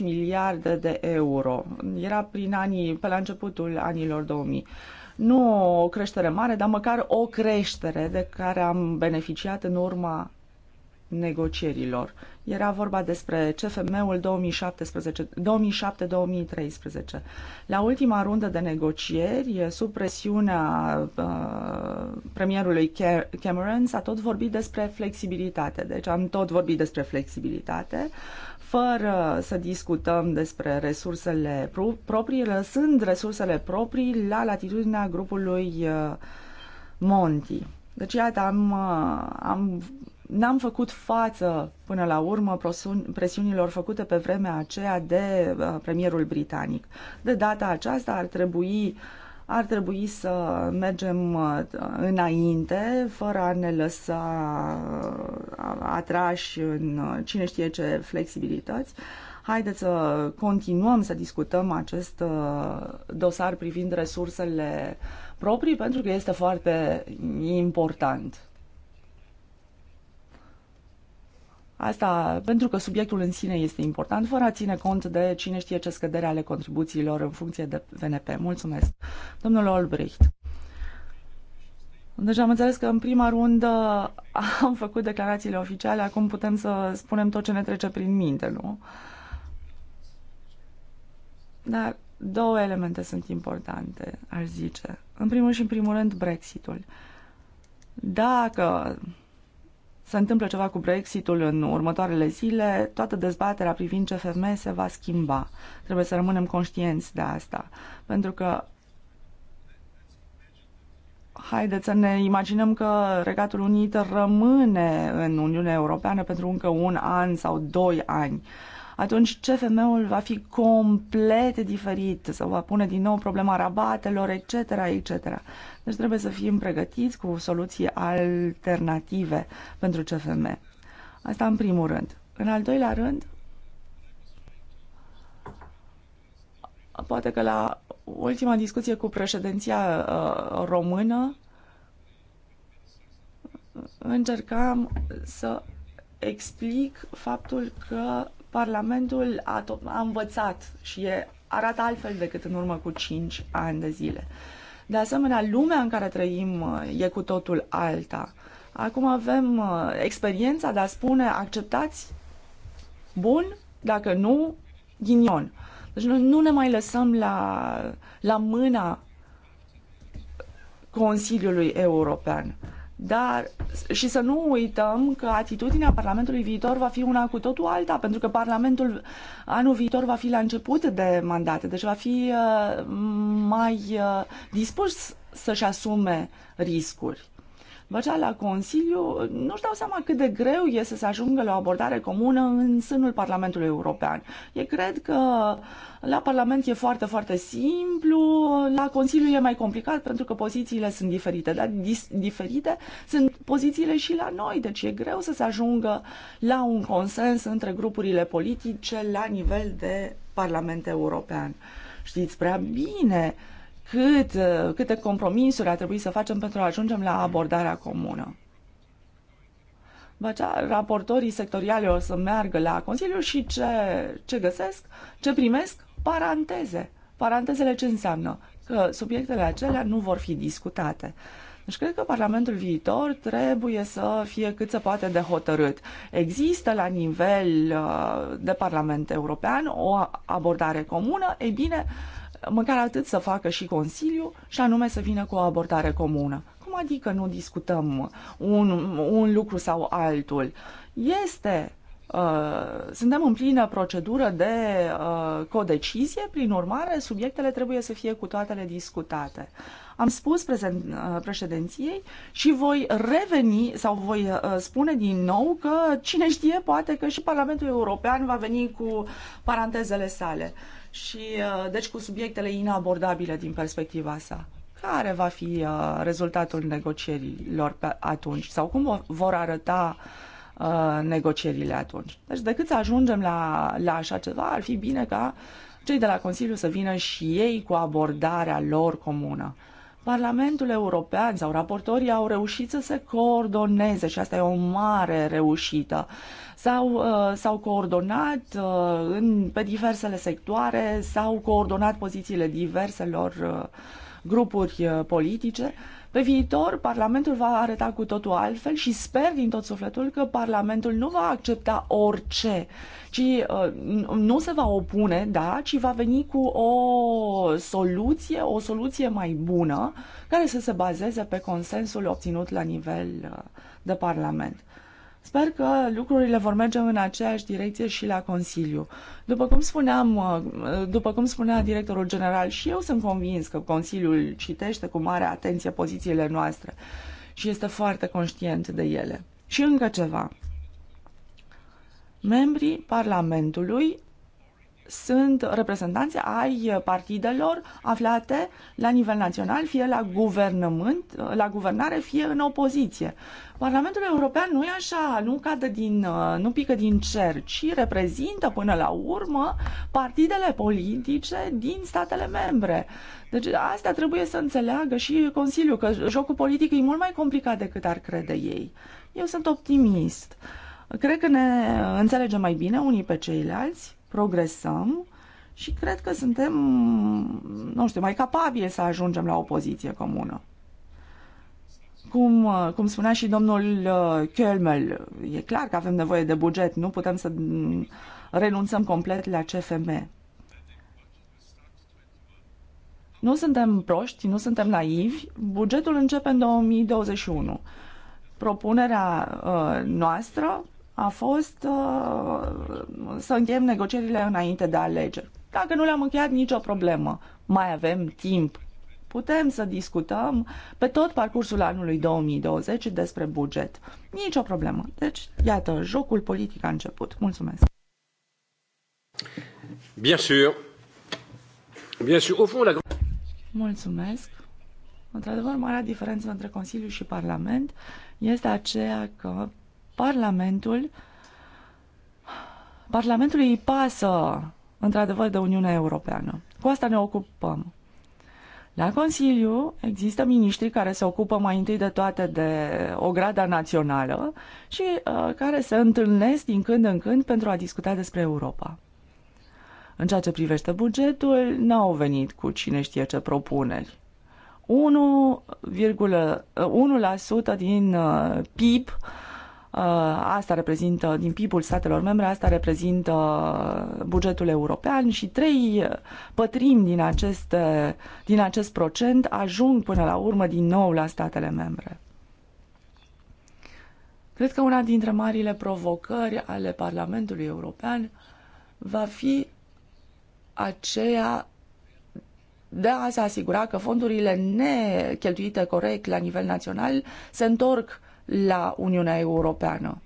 miliarde de euro. Era prin anii, pe la începutul anilor 2000. Nu o creștere mare, dar măcar o creștere de care am beneficiat în urma negocierilor. Era vorba despre CFM-ul 2007-2013. La ultima rundă de negocieri, sub presiunea uh, premierului Cameron, s-a tot vorbit despre flexibilitate. Deci am tot vorbit despre flexibilitate fără să discutăm despre resursele proprii, lăsând resursele proprii la latitudinea grupului uh, Monti. Deci, iată, am, uh, am, n-am făcut față până la urmă presiunilor făcute pe vremea aceea de uh, premierul britanic. De data aceasta ar trebui uh, ar trebui să mergem uh, înainte fără a ne lăsa uh, atrași în uh, cine știe ce flexibilități. Haideți să continuăm să discutăm acest dosar privind resursele proprii pentru că este foarte important. Asta pentru că subiectul în sine este important, fără a ține cont de cine știe ce scădere ale contribuțiilor în funcție de VNP. Mulțumesc. Domnul Olbricht. Deja am înțeles că în prima rundă am făcut declarațiile oficiale, acum putem să spunem tot ce ne trece prin minte, nu? Dar două elemente sunt importante, aș zice. În primul și în primul rând, Brexitul. Dacă se întâmplă ceva cu Brexitul în următoarele zile, toată dezbaterea privind CFM se va schimba. Trebuie să rămânem conștienți de asta, pentru că Haideți să ne imaginăm că Regatul Unit rămâne în Uniunea Europeană pentru încă un an sau doi ani. Uh, atunci CFM-ul va fi complet diferit sau va pune din nou problema rabatelor, etc., etc. Deci trebuie să fim pregătiți cu soluții alternative pentru CFM. Asta în primul rând. În al doilea rând, poate că la ultima discuție cu președinția uh, română încercam să explic faptul că Parlamentul a, a învățat și e, arată altfel decât în urmă cu 5 ani de zile. De asemenea, lumea în care trăim uh, e cu totul alta. Acum avem uh, experiența de a spune acceptați bun, dacă nu, ghinion. Deci noi nu ne mai lăsăm la, la mâna Consiliului European. Dar și să nu uităm că atitudinea Parlamentului viitor va fi una cu totul alta, pentru că Parlamentul anul viitor va fi la început de mandat, deci va fi uh, mai uh, dispus să-și asume riscuri. Băcea la Consiliu nu-și dau seama cât de greu e să se ajungă la o abordare comună în sânul Parlamentului European. Eu cred că la Parlament e foarte, foarte simplu, la Consiliu e mai complicat pentru că pozițiile sunt diferite, dar diferite sunt pozițiile și la noi, deci e greu să se ajungă la un consens între grupurile politice la nivel de Parlament European. Știți prea bine uh, cât, uh, câte compromisuri a trebuit să facem pentru a ajungem la abordarea comună. Bacea, raportorii sectoriale o să meargă la Consiliu și ce, ce găsesc, ce primesc? Paranteze. Parantezele ce înseamnă? Că subiectele acelea nu vor fi discutate. Deci cred că Parlamentul viitor trebuie să fie cât se poate de hotărât. Există la nivel uh, de Parlament European o abordare comună, ei bine, măcar atât să facă și Consiliu, și anume să vină cu o abordare comună. Cum adică nu discutăm un, un lucru sau altul? Este Uh, suntem în plină procedură de uh, codecizie, prin urmare, subiectele trebuie să fie cu toatele discutate. Am spus prezent, uh, președinției și voi reveni sau voi uh, spune din nou că cine știe, poate că și Parlamentul European va veni cu parantezele sale. Uh, și uh, deci cu subiectele inabordabile din perspectiva sa. Care va fi uh, rezultatul negocierilor pe atunci sau cum vor arăta uh, negocierile atunci? Deci decât să ajungem la, la așa ceva, ar fi bine ca cei de la Consiliu să vină și ei cu abordarea lor comună. Parlamentul European sau raportorii au reușit să se coordoneze și asta e o mare reușită. S-au, uh, s-au coordonat uh, în, pe diversele sectoare, s-au coordonat pozițiile diverselor uh, grupuri politice pe viitor, Parlamentul va arăta cu totul altfel și sper din tot sufletul că Parlamentul nu va accepta orice, ci uh, nu se va opune, da, ci va veni cu o soluție, o soluție mai bună, care să se bazeze pe consensul obținut la nivel uh, de Parlament. Sper că lucrurile vor merge în aceeași direcție și la Consiliu. După cum, spuneam, uh, după cum spunea directorul general, și eu sunt convins că Consiliul citește cu mare atenție pozițiile noastre și este foarte conștient de ele. Și încă ceva. Membrii Parlamentului sunt reprezentanți ai partidelor aflate la nivel național, fie la guvernământ, la guvernare, fie în opoziție. Parlamentul European nu e așa, nu cadă din, nu pică din cer, ci reprezintă până la urmă partidele politice din statele membre. Deci asta trebuie să înțeleagă și Consiliul, că jocul politic e mult mai complicat decât ar crede ei. Eu sunt optimist. Cred că ne înțelegem mai bine unii pe ceilalți progresăm și cred că suntem, nu știu, mai capabili să ajungem la o poziție comună. Cum, uh, cum spunea și domnul uh, Kölmel, e clar că avem nevoie de buget, nu putem să mm, renunțăm complet la CFM. Nu suntem proști, nu suntem naivi, bugetul începe în 2021. Propunerea uh, noastră a fost uh, să încheiem negocierile înainte de alegeri. Dacă nu le-am încheiat, nicio problemă. Mai avem timp. Putem să discutăm pe tot parcursul anului 2020 despre buget. Nicio problemă. Deci, iată, jocul politic a început. Mulțumesc. Bien sûr. Bien sûr. Au fond, la... Mulțumesc. Într-adevăr, marea diferență între Consiliu și Parlament este aceea că Parlamentul Parlamentului îi pasă într-adevăr de Uniunea Europeană. Cu asta ne ocupăm. La Consiliu există miniștri care se ocupă mai întâi de toate de o grada națională și uh, care se întâlnesc din când în când pentru a discuta despre Europa. În ceea ce privește bugetul, n-au venit cu cine știe ce propuneri. 1,1% uh, din PIB uh, Uh, asta reprezintă, din PIB-ul statelor membre, asta reprezintă bugetul european și trei pătrimi din, aceste, din acest procent ajung până la urmă din nou la statele membre. Cred că una dintre marile provocări ale Parlamentului European va fi aceea de a se asigura că fondurile necheltuite corect la nivel național se întorc la Uniunea Europeană.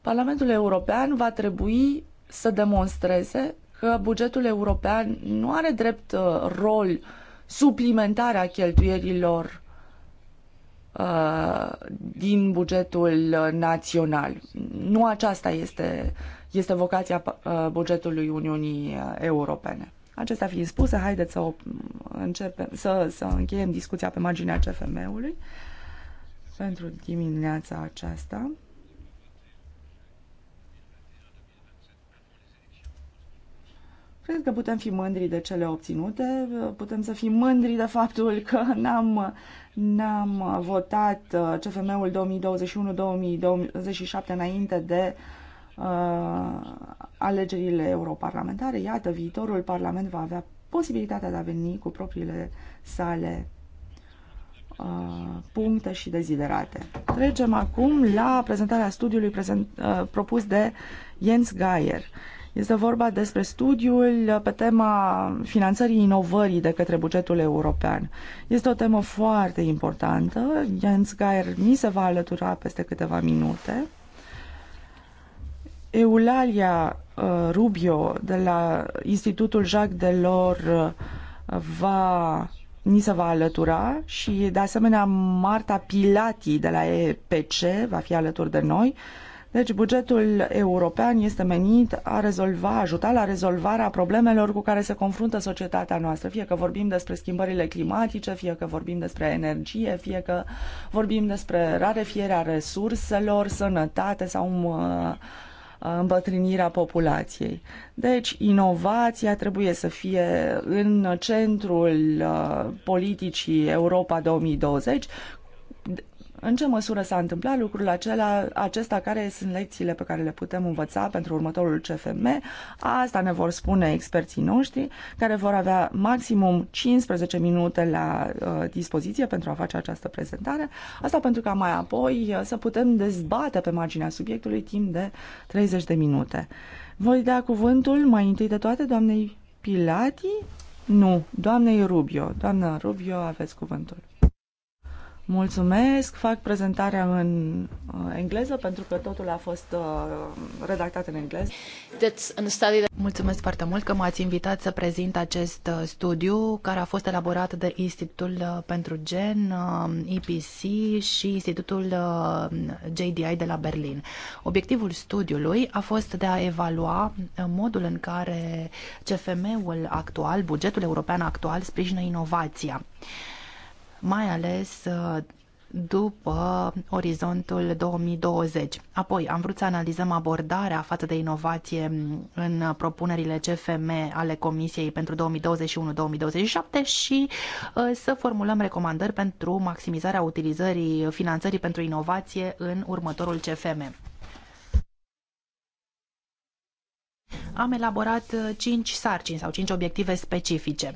Parlamentul European va trebui să demonstreze că bugetul european nu are drept uh, rol suplimentarea cheltuierilor uh, din bugetul național. Nu aceasta este, este vocația uh, bugetului Uniunii uh, Europene. Acestea fiind spuse, haideți să, începem, să, să încheiem discuția pe marginea CFM-ului pentru dimineața aceasta. Cred că putem fi mândri de cele obținute, putem să fim mândri de faptul că n-am, n-am votat uh, CFM-ul 2021-2027 înainte de uh, alegerile europarlamentare. Iată, viitorul Parlament va avea posibilitatea de a veni cu propriile sale Uh, puncte și deziderate. Trecem acum la prezentarea studiului prezent, uh, propus de Jens Geier. Este vorba despre studiul uh, pe tema finanțării inovării de către bugetul european. Este o temă foarte importantă. Jens Geier mi se va alătura peste câteva minute. Eulalia uh, Rubio de la Institutul Jacques Delors uh, va ni se va alătura și, de asemenea, Marta Pilati de la EPC va fi alături de noi. Deci bugetul european este menit a rezolva, a ajuta la rezolvarea problemelor cu care se confruntă societatea noastră, fie că vorbim despre schimbările climatice, fie că vorbim despre energie, fie că vorbim despre rarefierea resurselor, sănătate sau îmbătrânirea populației. Deci, inovația trebuie să fie în centrul uh, politicii Europa 2020 în ce măsură s-a întâmplat lucrul acela, acesta, care sunt lecțiile pe care le putem învăța pentru următorul CFM. Asta ne vor spune experții noștri, care vor avea maximum 15 minute la uh, dispoziție pentru a face această prezentare. Asta pentru ca mai apoi uh, să putem dezbate pe marginea subiectului timp de 30 de minute. Voi da cuvântul mai întâi de toate doamnei Pilati? Nu, doamnei Rubio. Doamna Rubio, aveți cuvântul. Mulțumesc, fac prezentarea în uh, engleză pentru că totul a fost uh, redactat în engleză. Mulțumesc foarte mult că m-ați invitat să prezint acest uh, studiu care a fost elaborat de Institutul pentru Gen, IPC și Institutul JDI de la Berlin. Obiectivul studiului a fost de a evalua modul în care CFM-ul actual, bugetul european actual, sprijină inovația mai ales uh, după orizontul 2020. Apoi am vrut să analizăm abordarea față de inovație în propunerile CFM ale Comisiei pentru 2021-2027 și uh, să formulăm recomandări pentru maximizarea utilizării finanțării pentru inovație în următorul CFM. Am elaborat 5 uh, sarcini sau 5 obiective specifice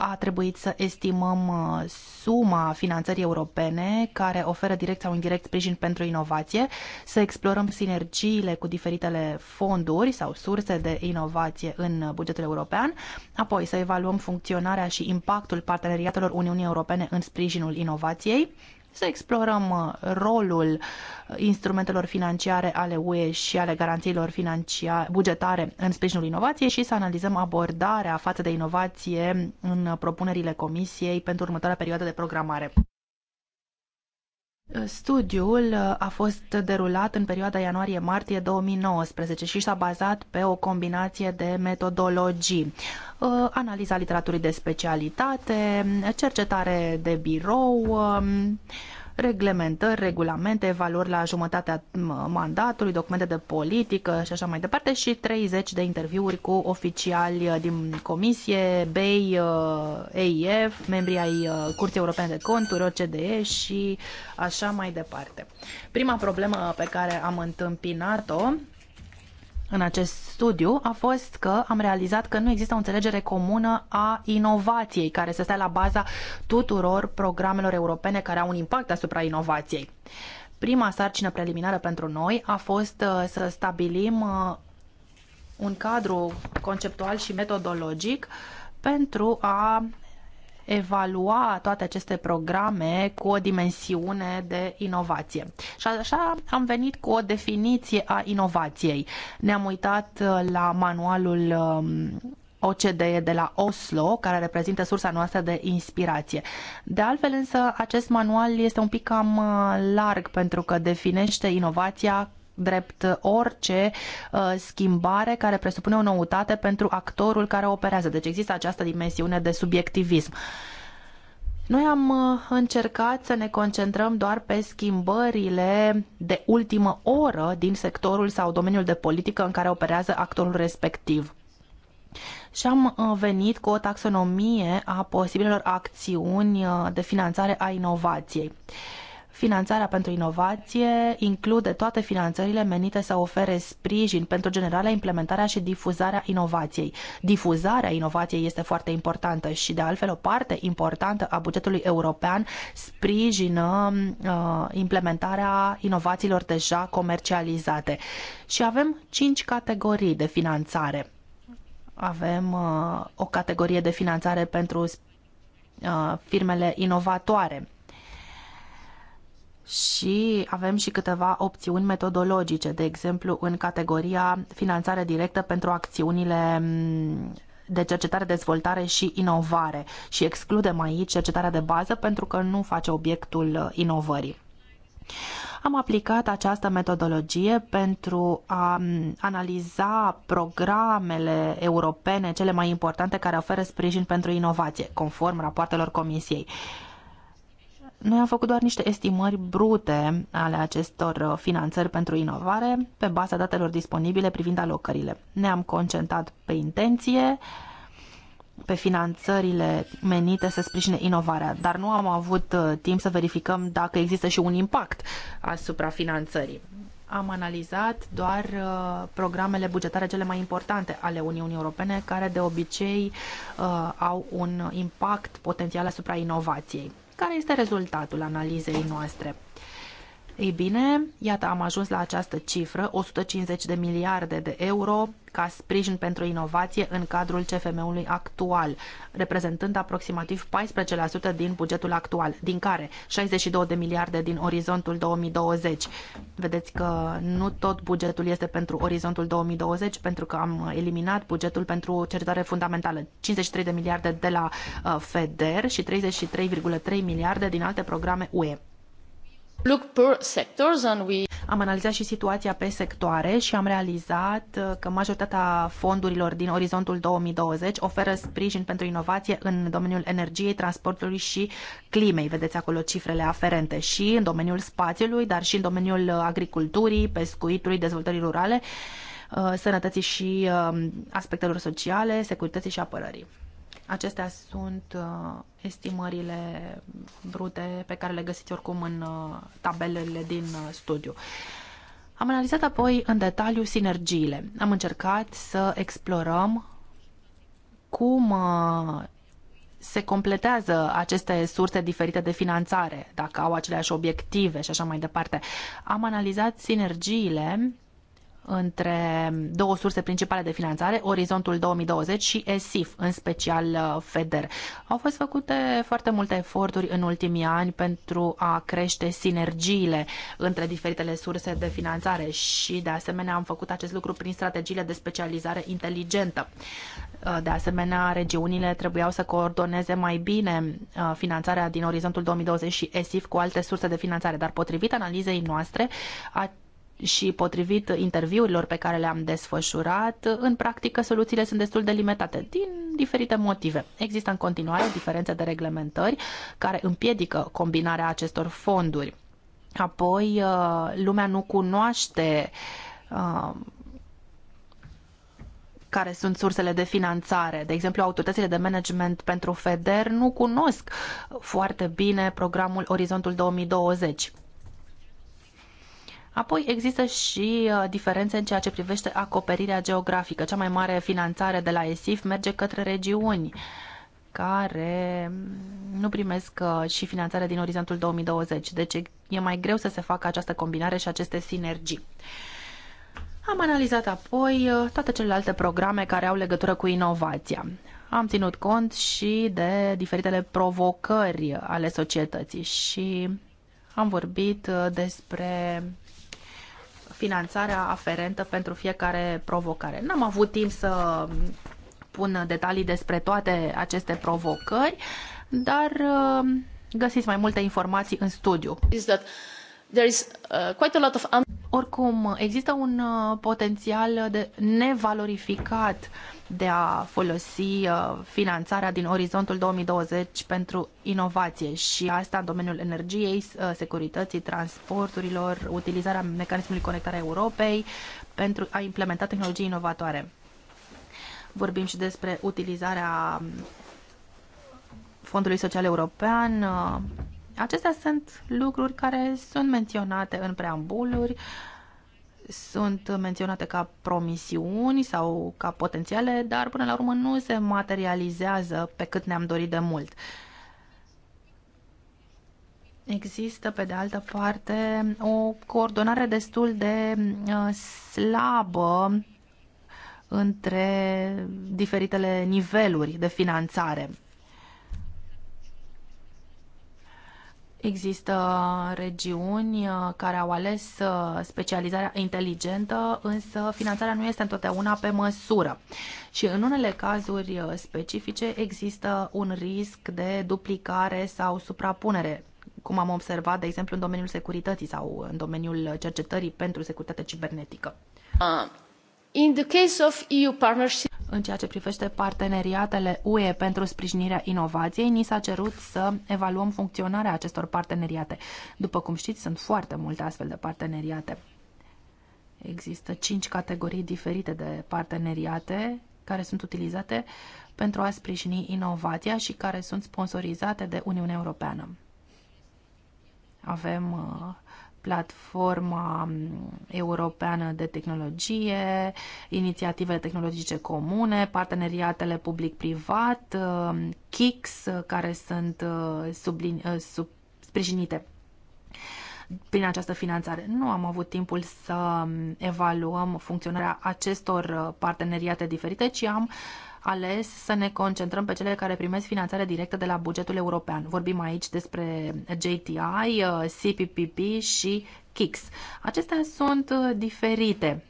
a trebuit să estimăm uh, suma finanțării europene care oferă direct sau indirect sprijin pentru inovație, să explorăm sinergiile cu diferitele fonduri sau surse de inovație în bugetul european, apoi să evaluăm funcționarea și impactul parteneriatelor Uniunii Europene în sprijinul inovației, să explorăm uh, rolul uh, instrumentelor financiare ale UE și ale garanțiilor financiare, bugetare în sprijinul inovației și să analizăm abordarea față de inovație în uh, propunerile Comisiei pentru următoarea perioadă de programare. Studiul uh, a fost derulat în perioada ianuarie-martie 2019 și s-a bazat pe o combinație de metodologii. Uh, analiza literaturii de specialitate, cercetare de birou, um, reglementări, regulamente, valori la jumătatea mandatului, documente de politică și așa mai departe și 30 de interviuri cu oficiali uh, din comisie, BEI, EIF, uh, membrii ai uh, Curții Europene de Conturi, OCDE și așa mai departe. Prima problemă pe care am întâmpinat-o în acest studiu a fost că am realizat că nu există o înțelegere comună a inovației care să stea la baza tuturor programelor europene care au un impact asupra inovației. Prima sarcină preliminară pentru noi a fost uh, să stabilim uh, un cadru conceptual și metodologic pentru a evalua toate aceste programe cu o dimensiune de inovație. Și așa am venit cu o definiție a inovației. Ne-am uitat uh, la manualul um, OCDE de la Oslo, care reprezintă sursa noastră de inspirație. De altfel însă, acest manual este un pic cam uh, larg pentru că definește inovația drept orice uh, schimbare care presupune o noutate pentru actorul care operează. Deci există această dimensiune de subiectivism. Noi am uh, încercat să ne concentrăm doar pe schimbările de ultimă oră din sectorul sau domeniul de politică în care operează actorul respectiv. Și am uh, venit cu o taxonomie a posibilelor acțiuni de finanțare a inovației. Uh, Finanțarea pentru inovație include toate finanțările menite să ofere sprijin pentru generarea, implementarea și difuzarea inovației. Difuzarea inovației este foarte importantă și, de altfel, o parte importantă a bugetului european sprijină uh, implementarea inovațiilor deja comercializate. Și avem cinci categorii de finanțare. Avem uh, o categorie de finanțare pentru uh, firmele inovatoare și avem și câteva opțiuni metodologice, de exemplu în categoria finanțare directă pentru acțiunile mm, de cercetare, dezvoltare și inovare și excludem aici cercetarea de bază pentru că nu face obiectul uh, inovării. Am aplicat această metodologie pentru a mm, analiza programele europene cele mai importante care oferă sprijin pentru inovație, conform rapoartelor Comisiei. Noi am făcut doar niște estimări brute ale acestor uh, finanțări pentru inovare pe baza datelor disponibile privind alocările. Ne-am concentrat pe intenție, pe finanțările menite să sprijine inovarea, dar nu am avut uh, timp să verificăm dacă există și un impact asupra finanțării. Am analizat doar uh, programele bugetare cele mai importante ale Uniunii Europene, care de obicei au un impact potențial asupra inovației care este rezultatul analizei noastre. Ei bine, iată, am ajuns la această cifră, 150 de miliarde de euro ca sprijin pentru inovație în cadrul CFM-ului actual, reprezentând aproximativ 14% din bugetul actual, din care 62 de miliarde din orizontul 2020. Vedeți că nu tot bugetul este pentru orizontul 2020, pentru că am eliminat bugetul pentru cercetare fundamentală, 53 de miliarde de la uh, FEDER și 33,3 miliarde din alte programe UE. Look per sectors and we... Am analizat și situația pe sectoare și am realizat uh, că majoritatea fondurilor din orizontul 2020 oferă sprijin pentru inovație în domeniul energiei, transportului și climei. Vedeți acolo cifrele aferente și în domeniul spațiului, dar și în domeniul uh, agriculturii, pescuitului, dezvoltării rurale, uh, sănătății și um, aspectelor sociale, securității și apărării. Acestea sunt uh, estimările brute pe care le găsiți oricum în uh, tabelele din uh, studiu. Am analizat apoi în detaliu sinergiile. Am încercat să explorăm cum uh, se completează aceste surse diferite de finanțare, dacă au aceleași obiective și așa mai departe. Am analizat sinergiile între două surse principale de finanțare, Orizontul 2020 și ESIF, în special uh, FEDER. Au fost făcute foarte multe eforturi în ultimii ani pentru a crește sinergiile între diferitele surse de finanțare și, de asemenea, am făcut acest lucru prin strategiile de specializare inteligentă. Uh, de asemenea, regiunile trebuiau să coordoneze mai bine uh, finanțarea din Orizontul 2020 și ESIF cu alte surse de finanțare, dar potrivit analizei noastre, și potrivit interviurilor pe care le-am desfășurat, în practică soluțiile sunt destul de limitate din diferite motive. Există în continuare diferențe de reglementări care împiedică combinarea acestor fonduri. Apoi, uh, lumea nu cunoaște uh, care sunt sursele de finanțare. De exemplu, autoritățile de management pentru FEDER nu cunosc foarte bine programul Orizontul 2020 Apoi există și uh, diferențe în ceea ce privește acoperirea geografică. Cea mai mare finanțare de la ESIF merge către regiuni care nu primesc uh, și finanțare din orizontul 2020. Deci e mai greu să se facă această combinare și aceste sinergii. Am analizat apoi uh, toate celelalte programe care au legătură cu inovația. Am ținut cont și de diferitele provocări ale societății și am vorbit despre finanțarea aferentă pentru fiecare provocare. N-am avut timp să pun detalii despre toate aceste provocări, dar uh, găsiți mai multe informații în studiu. Uh, oricum, există un uh, potențial de nevalorificat de a folosi uh, finanțarea din orizontul 2020 pentru inovație și asta în domeniul energiei, securității, transporturilor, utilizarea mecanismului conectarea Europei pentru a implementa tehnologii inovatoare. Vorbim și despre utilizarea um, Fondului Social European, Acestea sunt lucruri care sunt menționate în preambuluri, sunt menționate ca promisiuni sau ca potențiale, dar până la urmă nu se materializează pe cât ne-am dorit de mult. Există, pe de altă parte, o coordonare destul de uh, slabă între diferitele niveluri de finanțare. Există regiuni uh, care au ales uh, specializarea inteligentă, însă finanțarea nu este întotdeauna pe măsură. Și în unele cazuri uh, specifice există un risc de duplicare sau suprapunere cum am observat, de exemplu, în domeniul securității sau în domeniul cercetării pentru securitate cibernetică. Uh, in the case of EU partnership în ceea ce privește parteneriatele UE pentru sprijinirea inovației, ni s-a cerut să evaluăm funcționarea acestor parteneriate. După cum știți, sunt foarte multe astfel de parteneriate. Există cinci categorii diferite de parteneriate care sunt utilizate pentru a sprijini inovația și care sunt sponsorizate de Uniunea Europeană. Avem uh, platforma mm, europeană de tehnologie, inițiative tehnologice comune, parteneriatele public-privat, mm, KICS, care sunt mm, sublin, sub, sprijinite prin această finanțare. Nu am avut timpul să evaluăm funcționarea acestor parteneriate diferite, ci am uh, ales să ne concentrăm pe cele care primesc finanțare directă de la bugetul european. Vorbim aici despre JTI, uh, CPPP și KIX. Acestea sunt uh, diferite.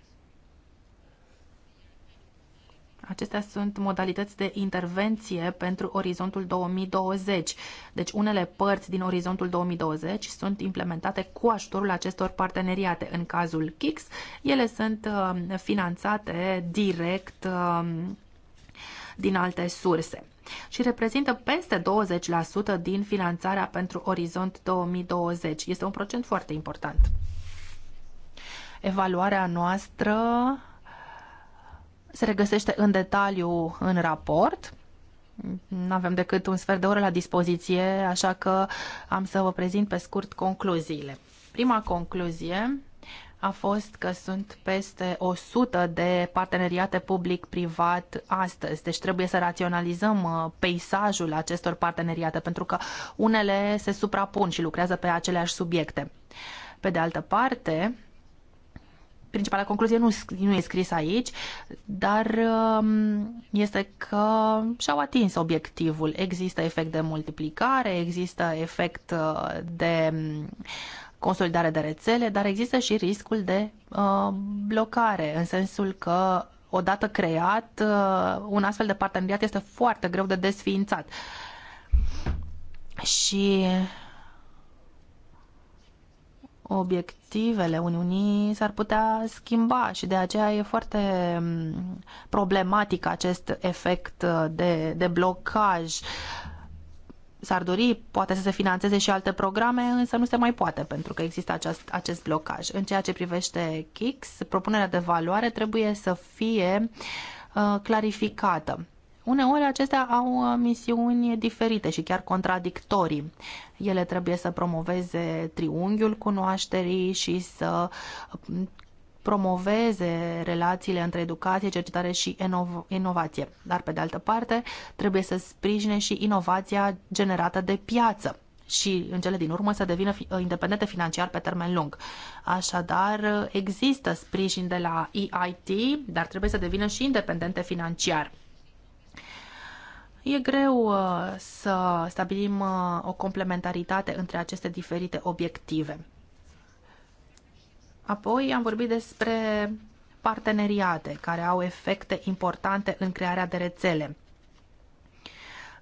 Acestea sunt modalități de intervenție pentru orizontul 2020. Deci unele părți din orizontul 2020 sunt implementate cu ajutorul acestor parteneriate. În cazul KIX, ele sunt uh, finanțate direct um, din alte surse și reprezintă peste 20% din finanțarea pentru Orizont 2020. Este un procent foarte important. Evaluarea noastră se regăsește în detaliu în raport. Nu avem decât un sfert de oră la dispoziție, așa că am să vă prezint pe scurt concluziile. Prima concluzie a fost că sunt peste 100 de parteneriate public-privat astăzi. Deci trebuie să raționalizăm uh, peisajul acestor parteneriate, pentru că unele se suprapun și lucrează pe aceleași subiecte. Pe de altă parte, principala concluzie nu, nu e scris aici, dar um, este că și-au atins obiectivul. Există efect de multiplicare, există efect uh, de consolidare de rețele, dar există și riscul de uh, blocare, în sensul că odată creat, uh, un astfel de parteneriat este foarte greu de desființat. Și obiectivele Uniunii s-ar putea schimba și de aceea e foarte mm, problematic acest efect uh, de, de blocaj. Uh, s-ar dori poate să se financeze și alte programe, însă nu se mai poate pentru că există acest, acest blocaj. În ceea ce privește KIX, propunerea de valoare trebuie să fie uh, clarificată. Uneori acestea au uh, misiuni diferite și chiar contradictorii. Ele trebuie să promoveze triunghiul cunoașterii și să uh, promoveze relațiile între educație, cercetare și inov- inovație. Dar, pe de altă parte, trebuie să sprijine și inovația generată de piață și în cele din urmă să devină independente financiar pe termen lung. Așadar, există sprijin de la EIT, dar trebuie să devină și independente financiar. E greu uh, să stabilim uh, o complementaritate între aceste diferite obiective. Apoi am vorbit despre parteneriate care au efecte importante în crearea de rețele.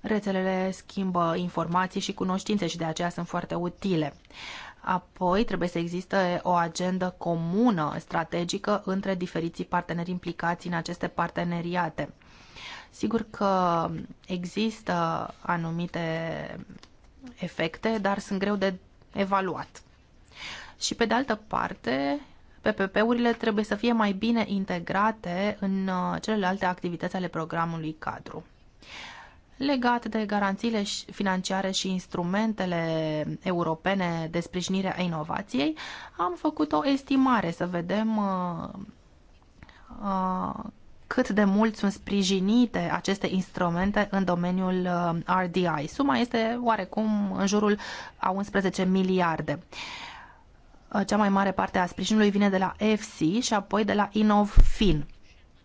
Rețelele schimbă informații și cunoștințe și de aceea sunt foarte utile. Apoi trebuie să existe o agendă comună, strategică, între diferiții parteneri implicați în aceste parteneriate. Sigur că există anumite efecte, dar sunt greu de evaluat. Și pe de altă parte, PPP-urile trebuie să fie mai bine integrate în uh, celelalte activități ale programului cadru. Legat de garanțiile financiare și instrumentele europene de sprijinire a inovației, am făcut o estimare să vedem uh, uh cât de mult sunt sprijinite aceste instrumente în domeniul uh, RDI. Suma este oarecum în jurul a 11 miliarde. Uh, Uh, cea mai mare parte a sprijinului vine de la EFSI și apoi de la InnovFin.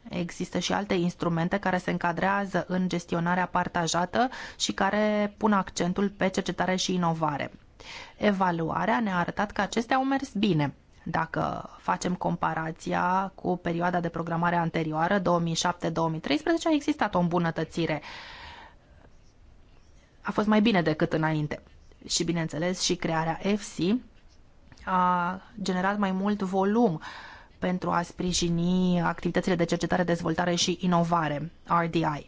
Există și alte instrumente care se încadrează în gestionarea partajată și care pun accentul pe cercetare și inovare. Evaluarea ne-a arătat că acestea au mers bine. Dacă facem comparația cu perioada de programare anterioară, 2007-2013, a existat o îmbunătățire. A fost mai bine decât înainte. Și, bineînțeles, și crearea EFSI a generat mai mult volum pentru a sprijini activitățile de cercetare, dezvoltare și inovare, RDI.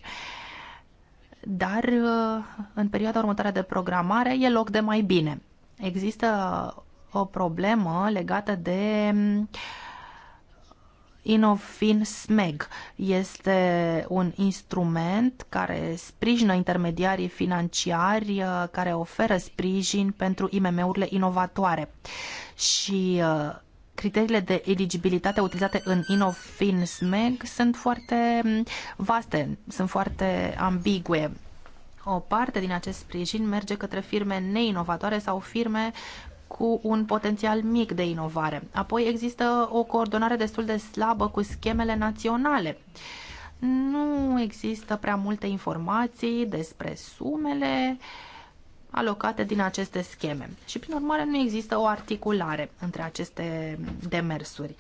Dar uh, în perioada următoare de programare e loc de mai bine. Există o problemă legată de uh, Inofin Smeg este un instrument care sprijină intermediarii financiari uh, care oferă sprijin pentru IMM-urile inovatoare și uh, criteriile de eligibilitate utilizate în Inofin Smeg sunt foarte mm, vaste, sunt foarte ambigue. O parte din acest sprijin merge către firme neinovatoare sau firme cu un potențial mic de inovare. Apoi există o coordonare destul de slabă cu schemele naționale. Nu există prea multe informații despre sumele alocate din aceste scheme și, prin urmare, nu există o articulare între aceste demersuri.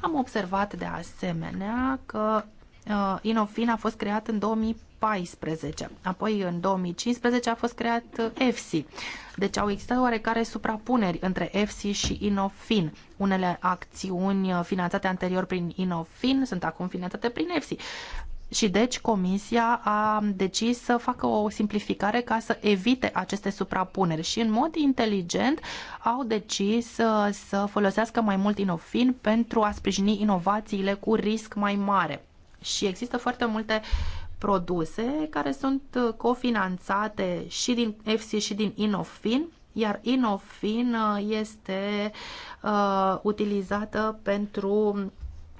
Am observat de asemenea că Uh, Inofin a fost creat în 2014, apoi în 2015 a fost creat EFSI. Uh, deci au existat oarecare suprapuneri între EFSI și Inofin. Unele acțiuni uh, finanțate anterior prin Inofin sunt acum finanțate prin EFSI. Și deci Comisia a decis să facă o simplificare ca să evite aceste suprapuneri și în mod inteligent au decis să folosească mai mult Inofin pentru a sprijini inovațiile cu risc mai mare și există foarte multe produse care sunt uh, cofinanțate și din EFSI și din Inofin, iar Inofin uh, este uh, utilizată pentru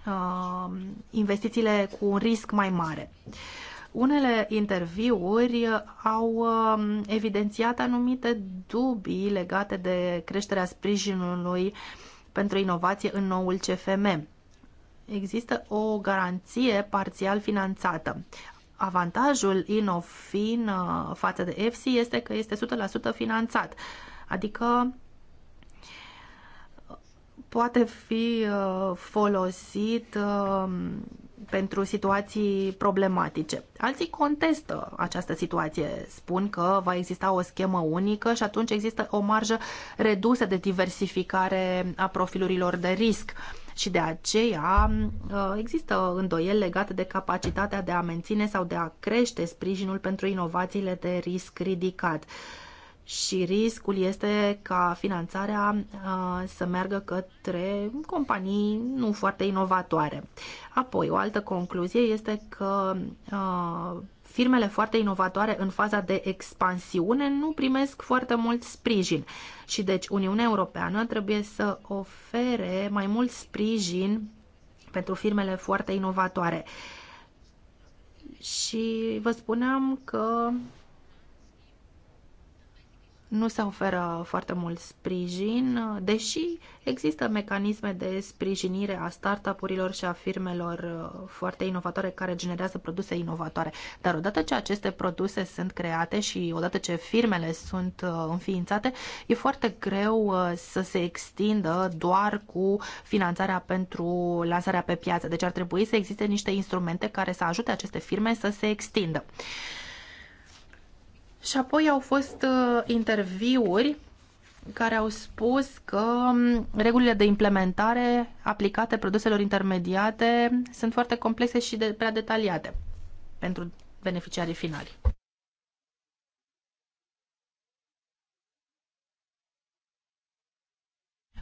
uh, investițiile cu un risc mai mare. Unele interviuri au um, evidențiat anumite dubii legate de creșterea sprijinului pentru inovație în noul CFM există o garanție parțial finanțată. Avantajul Inofin uh, față de EFSI este că este 100% finanțat, adică uh, poate fi uh, folosit pentru situații problematice. Alții contestă această situație, spun că va exista o schemă unică și atunci există o marjă redusă de diversificare a profilurilor de risc și de aceea uh, există îndoieli legate de capacitatea de a menține sau de a crește sprijinul pentru inovațiile de risc ridicat și riscul este ca finanțarea uh, să meargă către companii nu foarte inovatoare. Apoi, o altă concluzie este că uh, firmele foarte inovatoare în faza de expansiune nu primesc foarte mult sprijin și deci Uniunea Europeană trebuie să ofere mai mult sprijin pentru firmele foarte inovatoare. Și vă spuneam că nu se oferă foarte mult sprijin, deși există mecanisme de sprijinire a startup-urilor și a firmelor uh, foarte inovatoare care generează produse inovatoare. Dar odată ce aceste produse sunt create și odată ce firmele sunt uh, înființate, e foarte greu uh, să se extindă doar cu finanțarea pentru lansarea pe piață. Deci ar trebui să existe niște instrumente care să ajute aceste firme să se extindă. Și apoi au fost uh, interviuri care au spus că um, regulile de implementare aplicate produselor intermediate sunt foarte complexe și de, prea detaliate pentru beneficiarii finali.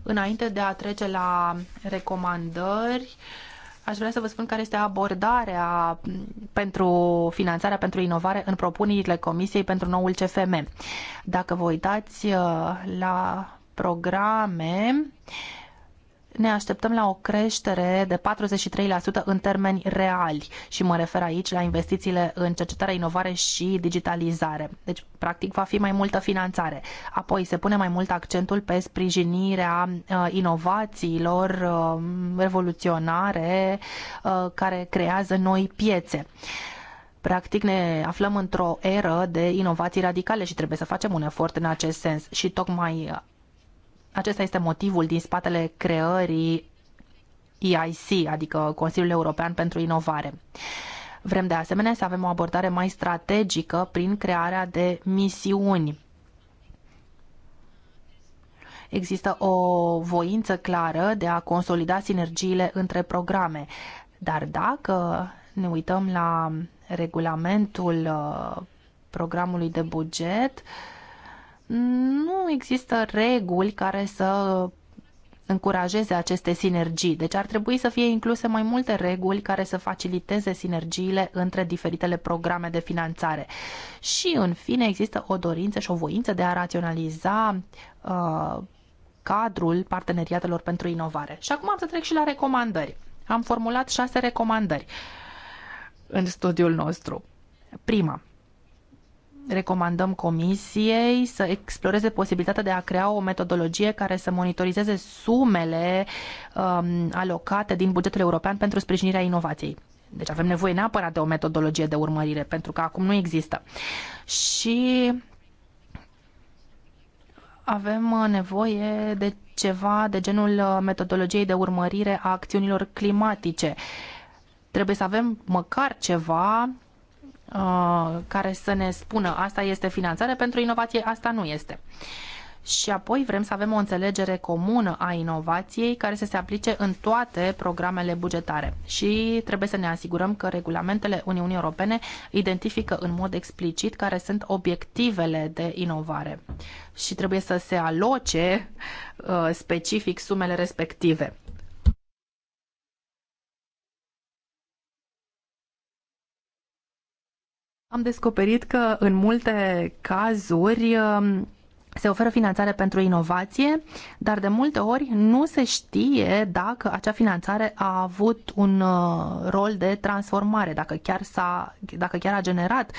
Înainte de a trece la recomandări, Aș vrea să vă spun care este abordarea pentru finanțarea pentru inovare în propunerile Comisiei pentru noul CFM. Dacă vă uitați uh, la programe, ne așteptăm la o creștere de 43% în termeni reali și mă refer aici la investițiile în cercetare, inovare și digitalizare. Deci, practic, va fi mai multă finanțare. Apoi se pune mai mult accentul pe sprijinirea uh, inovațiilor uh, revoluționare uh, care creează noi piețe. Practic ne aflăm într-o eră de inovații radicale și trebuie să facem un efort în acest sens. Și tocmai acesta este motivul din spatele creării EIC, adică Consiliul European pentru Inovare. Vrem de asemenea să avem o abordare mai strategică prin crearea de misiuni. Există o voință clară de a consolida sinergiile între programe, dar dacă ne uităm la regulamentul uh, programului de buget, uh, nu există reguli care să încurajeze aceste sinergii. Deci ar trebui să fie incluse mai multe reguli care să faciliteze sinergiile între diferitele programe de finanțare. Și, în fine, există o dorință și o voință de a raționaliza uh, cadrul parteneriatelor pentru inovare. Și acum am să trec și la recomandări. Am formulat șase recomandări în studiul nostru. Prima, recomandăm comisiei să exploreze posibilitatea de a crea o metodologie care să monitorizeze sumele um, alocate din bugetul european pentru sprijinirea inovației. Deci avem nevoie neapărat de o metodologie de urmărire, pentru că acum nu există. Și avem uh, nevoie de ceva de genul uh, metodologiei de urmărire a acțiunilor climatice. Trebuie să avem măcar ceva Uh, care să ne spună asta este finanțare pentru inovație, asta nu este. Și apoi vrem să avem o înțelegere comună a inovației care să se aplice în toate programele bugetare. Și trebuie să ne asigurăm că regulamentele Uniunii Europene identifică în mod explicit care sunt obiectivele de inovare. Și trebuie să se aloce uh, specific sumele respective. Am descoperit că în multe cazuri um, se oferă finanțare pentru inovație, dar de multe ori nu se știe dacă acea finanțare a avut un uh, rol de transformare, dacă chiar, s-a, dacă chiar a generat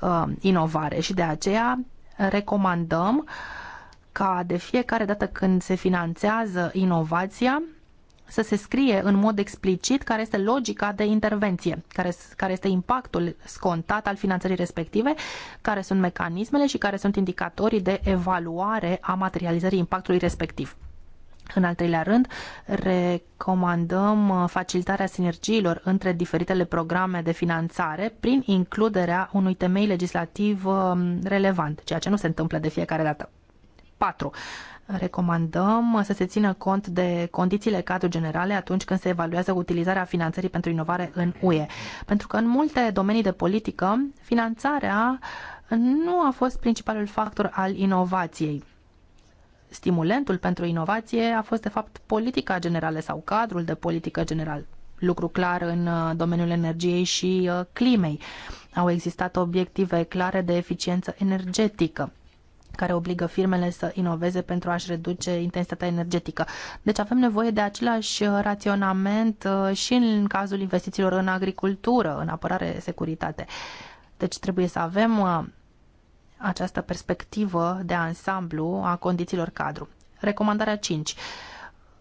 uh, inovare și de aceea recomandăm ca de fiecare dată când se finanțează inovația să se scrie în mod explicit care este logica de intervenție, care, care este impactul scontat al finanțării respective, care sunt mecanismele și care sunt indicatorii de evaluare a materializării impactului respectiv. În al treilea rând, recomandăm uh, facilitarea sinergiilor între diferitele programe de finanțare prin includerea unui temei legislativ um, relevant, ceea ce nu se întâmplă de fiecare dată. 4. Recomandăm să se țină cont de condițiile cadru generale atunci când se evaluează utilizarea finanțării pentru inovare în UE. Pentru că în multe domenii de politică, finanțarea nu a fost principalul factor al inovației. Stimulentul pentru inovație a fost, de fapt, politica generală sau cadrul de politică general. Lucru clar în uh, domeniul energiei și uh, climei. Au existat obiective clare de eficiență energetică care obligă firmele să inoveze pentru a-și reduce intensitatea energetică. Deci avem nevoie de același uh, raționament uh, și în cazul investițiilor în agricultură, în apărare, securitate. Deci trebuie să avem uh, această perspectivă de ansamblu a condițiilor cadru. Recomandarea 5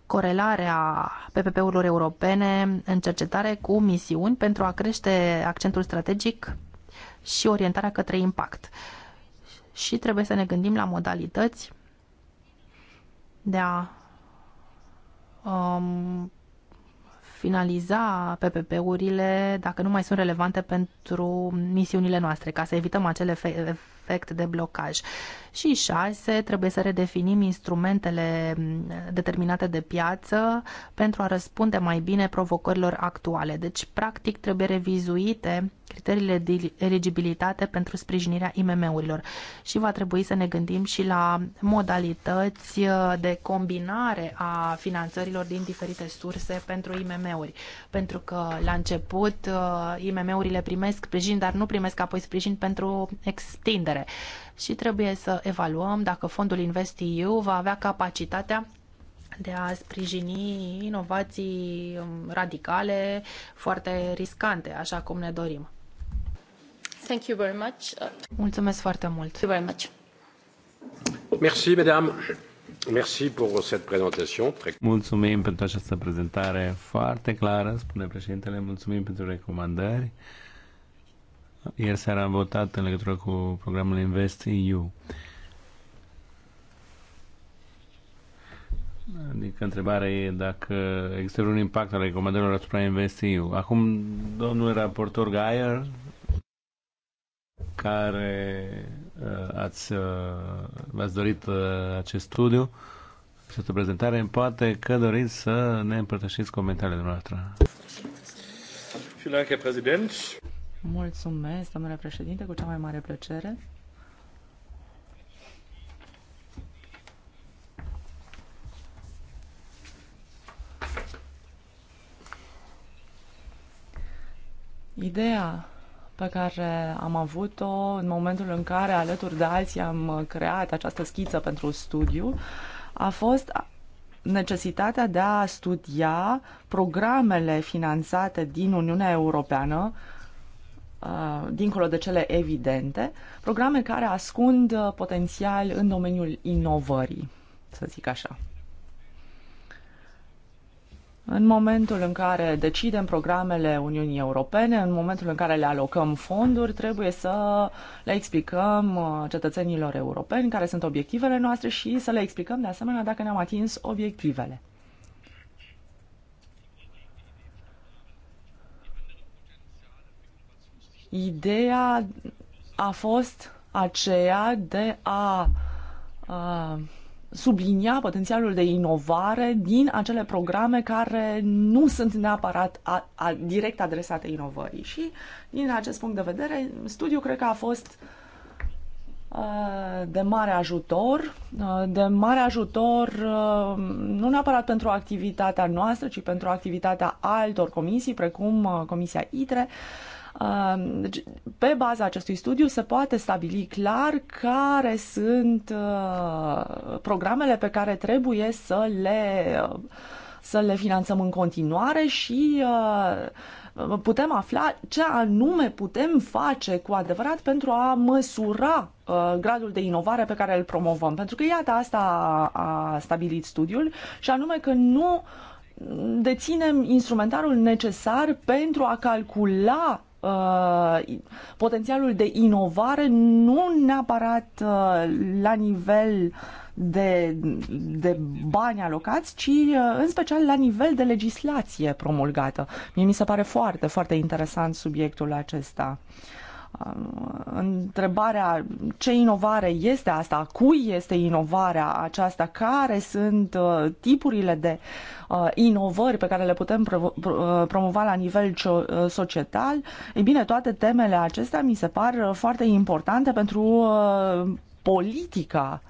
corelarea PPP-urilor europene în cercetare cu misiuni pentru a crește accentul strategic și orientarea către impact. Uh, și trebuie să ne gândim la modalități de a um, finaliza PPP-urile dacă nu mai sunt relevante pentru misiunile noastre, ca să evităm acel efect de blocaj. Și șase, trebuie să redefinim instrumentele mm, determinate de piață pentru a răspunde mai bine provocărilor actuale. Deci, practic, trebuie revizuite criteriile de eligibilitate pentru sprijinirea IMM-urilor și va trebui să ne gândim și la modalități uh, de combinare a finanțărilor din diferite surse pentru IMM-uri. Pentru că la început uh, IMM-urile primesc sprijin, dar nu primesc apoi sprijin pentru extindere și trebuie să evaluăm dacă fondul InvestEU va avea capacitatea de a sprijini inovații um, radicale, foarte riscante, așa cum ne dorim. Thank you very much. Mulțumesc foarte mult. Thank you very much. Merci, madame. Merci pour cette présentation. Mulțumim pentru această prezentare foarte clară, spune președintele. Mulțumim pentru recomandări. Ieri seara am votat în legătură cu programul Invest EU. Adică întrebarea e dacă există un impact al recomandărilor asupra EU. Acum, domnul raportor Gaier, care uh, ați, uh, v-ați dorit uh, acest studiu, această prezentare, poate că doriți să ne împărtășiți comentariile dumneavoastră. Vielen Dank, Herr Präsident. Mulțumesc, domnule președinte, cu cea mai mare plăcere. Ideea pe care am avut-o în momentul în care, alături de alții, am creat această schiță pentru studiu, a fost necesitatea de a studia programele finanțate din Uniunea Europeană Uh, dincolo de cele evidente, programe care ascund uh, potențial în domeniul inovării, să zic așa. În momentul în care decidem programele Uniunii Europene, în momentul în care le alocăm fonduri, trebuie să le explicăm uh, cetățenilor europeni care sunt obiectivele noastre și să le explicăm de asemenea dacă ne-am atins obiectivele. Ideea a fost aceea de a, a sublinia potențialul de inovare din acele programe care nu sunt neapărat a, a, direct adresate inovării. Și din acest punct de vedere, studiul cred că a fost de mare ajutor, de mare ajutor nu neapărat pentru activitatea noastră, ci pentru activitatea altor comisii, precum Comisia ITRE, deci, pe baza acestui studiu se poate stabili clar care sunt uh, programele pe care trebuie să le, să le finanțăm în continuare și uh, putem afla ce anume putem face cu adevărat pentru a măsura uh, gradul de inovare pe care îl promovăm. Pentru că, iată, asta a, a stabilit studiul și anume că nu deținem instrumentarul necesar pentru a calcula Uh, potențialul de inovare nu neapărat uh, la nivel de, de bani alocați, ci uh, în special la nivel de legislație promulgată. Mie mi se pare foarte, foarte interesant subiectul acesta. Uh, Um, întrebarea ce inovare este asta, cui este inovarea aceasta, care sunt uh, tipurile de uh, inovări pe care le putem uh, promova la nivel societal, e bine, toate temele acestea mi se par foarte importante pentru politica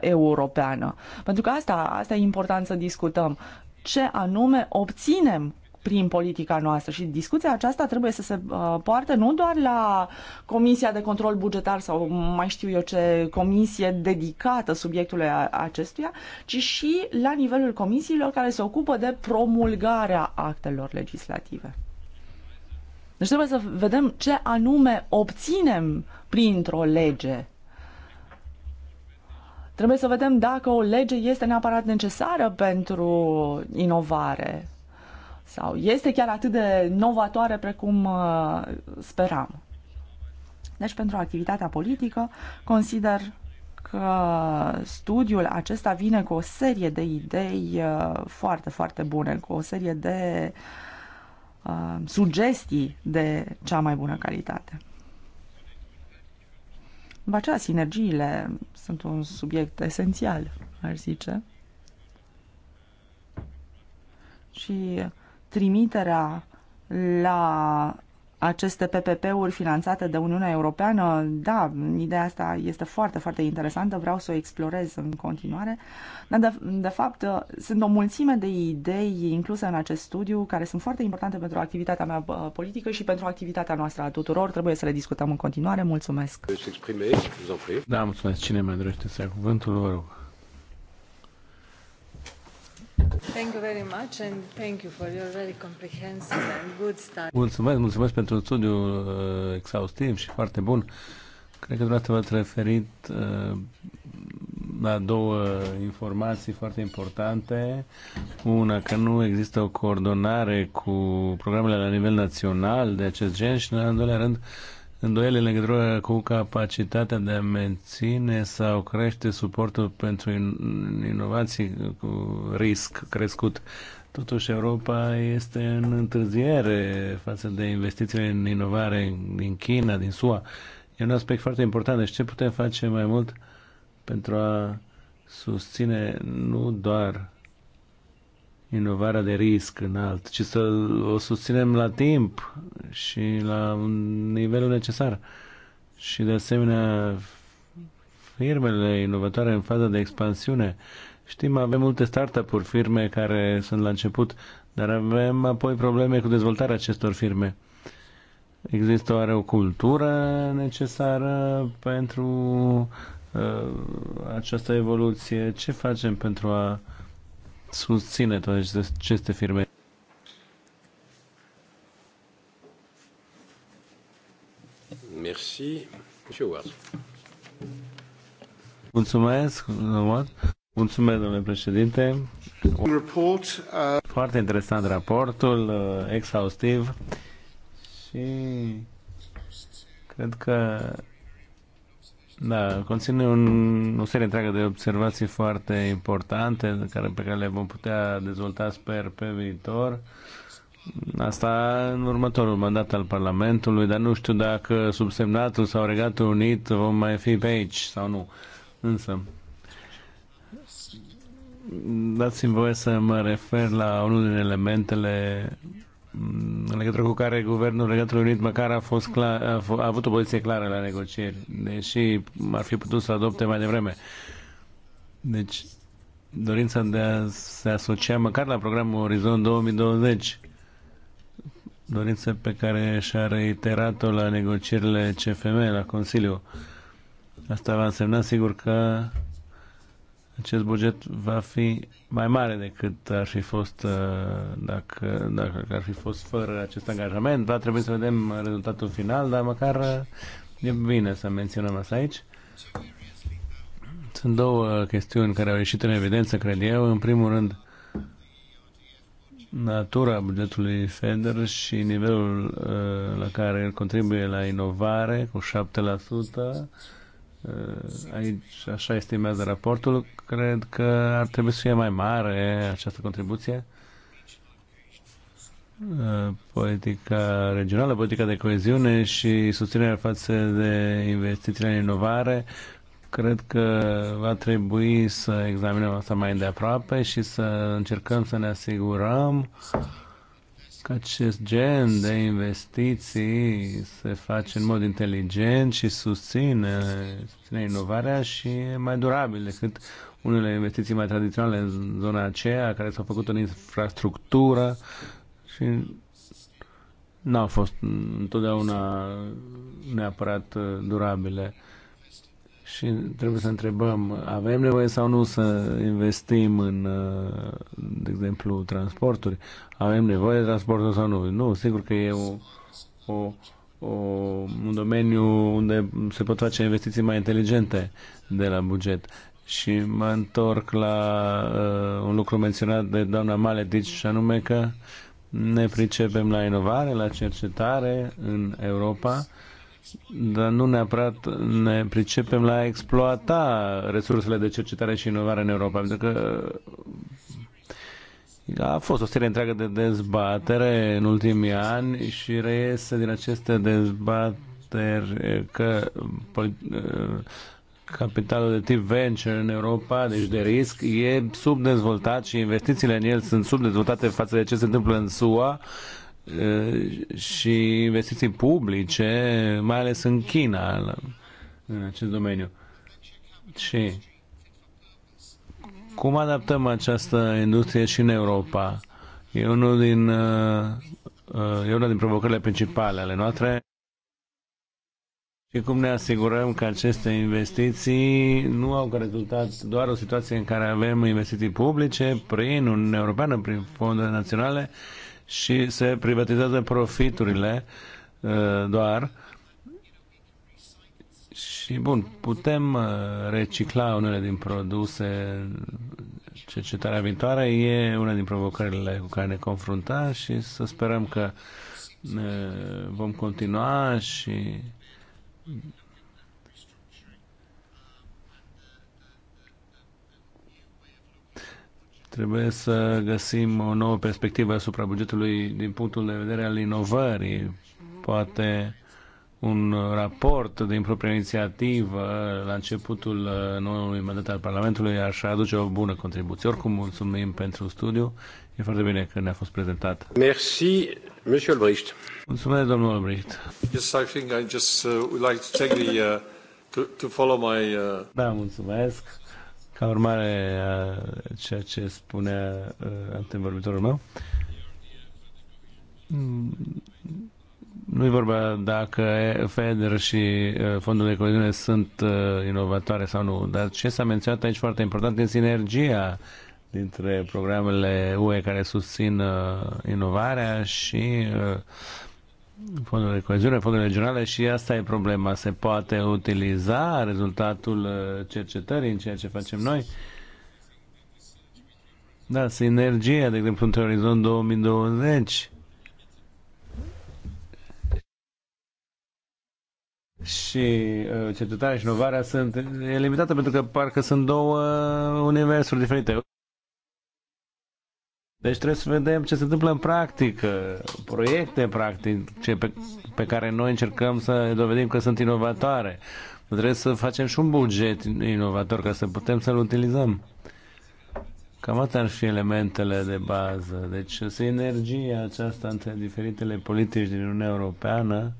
europeană. Pentru că asta, asta e important să discutăm. Ce anume obținem prin politica noastră și discuția aceasta trebuie să se uh, poarte nu doar la Comisia de Control Bugetar sau mai știu eu ce comisie dedicată subiectului acestuia, ci și la nivelul comisiilor care se ocupă de promulgarea actelor legislative. Deci trebuie să vedem ce anume obținem printr-o lege Trebuie să vedem dacă o lege este neapărat necesară pentru inovare sau este chiar atât de novatoare precum uh, speram. Deci, pentru activitatea politică, consider că studiul acesta vine cu o serie de idei uh, foarte, foarte bune, cu o serie de uh, sugestii de cea mai bună calitate. După aceea, sinergiile sunt un subiect esențial, aș zice. Și trimiterea la aceste PPP-uri finanțate de Uniunea Europeană, da, ideea asta este foarte, foarte interesantă, vreau să o explorez în continuare, dar de, de fapt sunt o mulțime de idei incluse în acest studiu care sunt foarte importante pentru activitatea mea uh, politică și pentru activitatea noastră a tuturor, trebuie să le discutăm în continuare, mulțumesc! Da, mulțumesc! Cine mai dorește să ia cuvântul, vă rog. Mulțumesc, mulțumesc pentru studiul uh, exhaustiv și foarte bun. Cred că dumneavoastră v-ați referit uh, la două informații foarte importante. Una, că nu există o coordonare cu programele la nivel național de acest gen și, în al doilea rând, uh, îndoiele în legătură cu capacitatea de a menține sau crește suportul pentru inovații cu risc crescut. Totuși, Europa este în întârziere față de investițiile în inovare din China, din SUA. E un aspect foarte important. Deci, ce putem face mai mult pentru a susține nu doar inovarea de risc înalt, ci să o susținem la timp și la un nivelul necesar. Și de asemenea, firmele inovatoare în faza de expansiune. Știm, avem multe startup-uri, firme care sunt la început, dar avem apoi probleme cu dezvoltarea acestor firme. Există oare o cultură necesară pentru uh, această evoluție? Ce facem pentru a uh, susține toate aceste firme. Merci. Mulțumesc, Mulțumesc, domnule președinte. Uh, Foarte interesant raportul, uh, exhaustiv și cred că da, conține un, o serie întreagă de observații foarte importante care, pe care le vom putea dezvolta, sper, pe viitor. Asta în următorul mandat al Parlamentului, dar nu știu dacă subsemnatul sau Regatul Unit vom mai fi pe aici sau nu. Însă, dați-mi voie să mă refer la unul din elementele în legătură cu care guvernul Regatului Unit măcar a, fost clar, a, a avut o poziție clară la negocieri, deși ar fi putut să adopte mai devreme. Deci, dorința de a se asocia măcar la programul Orizont 2020, dorință pe care și-a reiterat-o la negocierile CFM, la Consiliu. Asta va însemna, sigur, că acest buget va fi mai mare decât ar fi fost uh, dacă, dacă ar fi fost fără acest angajament. Va trebui să vedem rezultatul final, dar măcar uh, e bine să menționăm asta aici. Sunt două chestiuni care au ieșit în evidență, cred eu. În primul rând, natura bugetului FEDER și nivelul uh, la care el contribuie la inovare cu 7%, Uh, aici așa estimează raportul. Cred că ar trebui să fie mai mare această contribuție. Uh, politica regională, politica de coeziune și susținerea față de investițiile în inovare. Cred că va trebui să examinăm asta mai de aproape și să încercăm să ne asigurăm uh, că acest gen de investiții se face în mod inteligent și susține, susține inovarea și e mai durabil decât unele investiții mai tradiționale în zona aceea, care s-au făcut în infrastructură și n-au fost întotdeauna neapărat uh, durabile. Și trebuie să întrebăm, avem nevoie sau nu să investim în, uh, de exemplu, transporturi? Avem nevoie de transporturi sau nu? Nu, sigur că e o, o, o, un domeniu unde se pot face investiții mai inteligente de la buget. Și mă întorc la uh, un lucru menționat de doamna Maledici, și anume că ne pricepem la inovare, la cercetare în Europa dar nu neapărat ne pricepem la a exploata resursele de cercetare și inovare în Europa, pentru că a fost o serie întreagă de dezbatere în ultimii ani și reiese din aceste dezbateri că capitalul de tip venture în Europa, deci de risc, e subdezvoltat și investițiile în el sunt subdezvoltate față de ce se întâmplă în SUA Eh, și investiții publice, mai ales în China, în acest domeniu. Și cum adaptăm această industrie și în Europa? E, unul din, eh, e una din provocările principale ale noastre. Și cum ne asigurăm că aceste investiții nu au ca rezultat doar o situație în care avem investiții publice prin Uniunea Europeană, prin fonduri naționale, și se privatizează profiturile uh, doar. Și bun, putem uh, recicla unele din produse. Cercetarea viitoare e una din provocările cu care ne confrunta și să sperăm că uh, vom continua și Trebuie să găsim o nouă perspectivă asupra bugetului din punctul de vedere al inovării. Poate un raport din propria inițiativă la începutul noului mandat al Parlamentului aș aduce o bună contribuție. Oricum, mulțumim pentru studiu. E foarte bine că ne-a fost prezentat. Merci, Monsieur Bricht. Mulțumesc, domnul Albrecht. Yes, I think I just uh, would like to take the, uh, to, to follow my... Uh... Da, mulțumesc ca urmare a ceea ce spunea uh, antevorbitorul meu, nu e vorba dacă FEDER și uh, Fondul de coeziune sunt uh, inovatoare sau nu, dar ce s-a menționat aici foarte important este sinergia dintre programele UE care susțin uh, inovarea și fondul de coeziune, fondurile regionale și asta e problema. Se poate utiliza rezultatul uh, cercetării în ceea ce facem noi? Da, sinergia, de exemplu, între Orizont 2020 și uh, cercetarea și inovarea sunt e limitată pentru că parcă sunt două uh, universuri diferite. Deci trebuie să vedem ce se întâmplă în practică, proiecte practice pe, pe care noi încercăm să dovedim că sunt inovatoare. Trebuie să facem și un buget inovator ca să putem să-l utilizăm. Cam atât ar fi elementele de bază. Deci sinergia aceasta între diferitele politici din Uniunea Europeană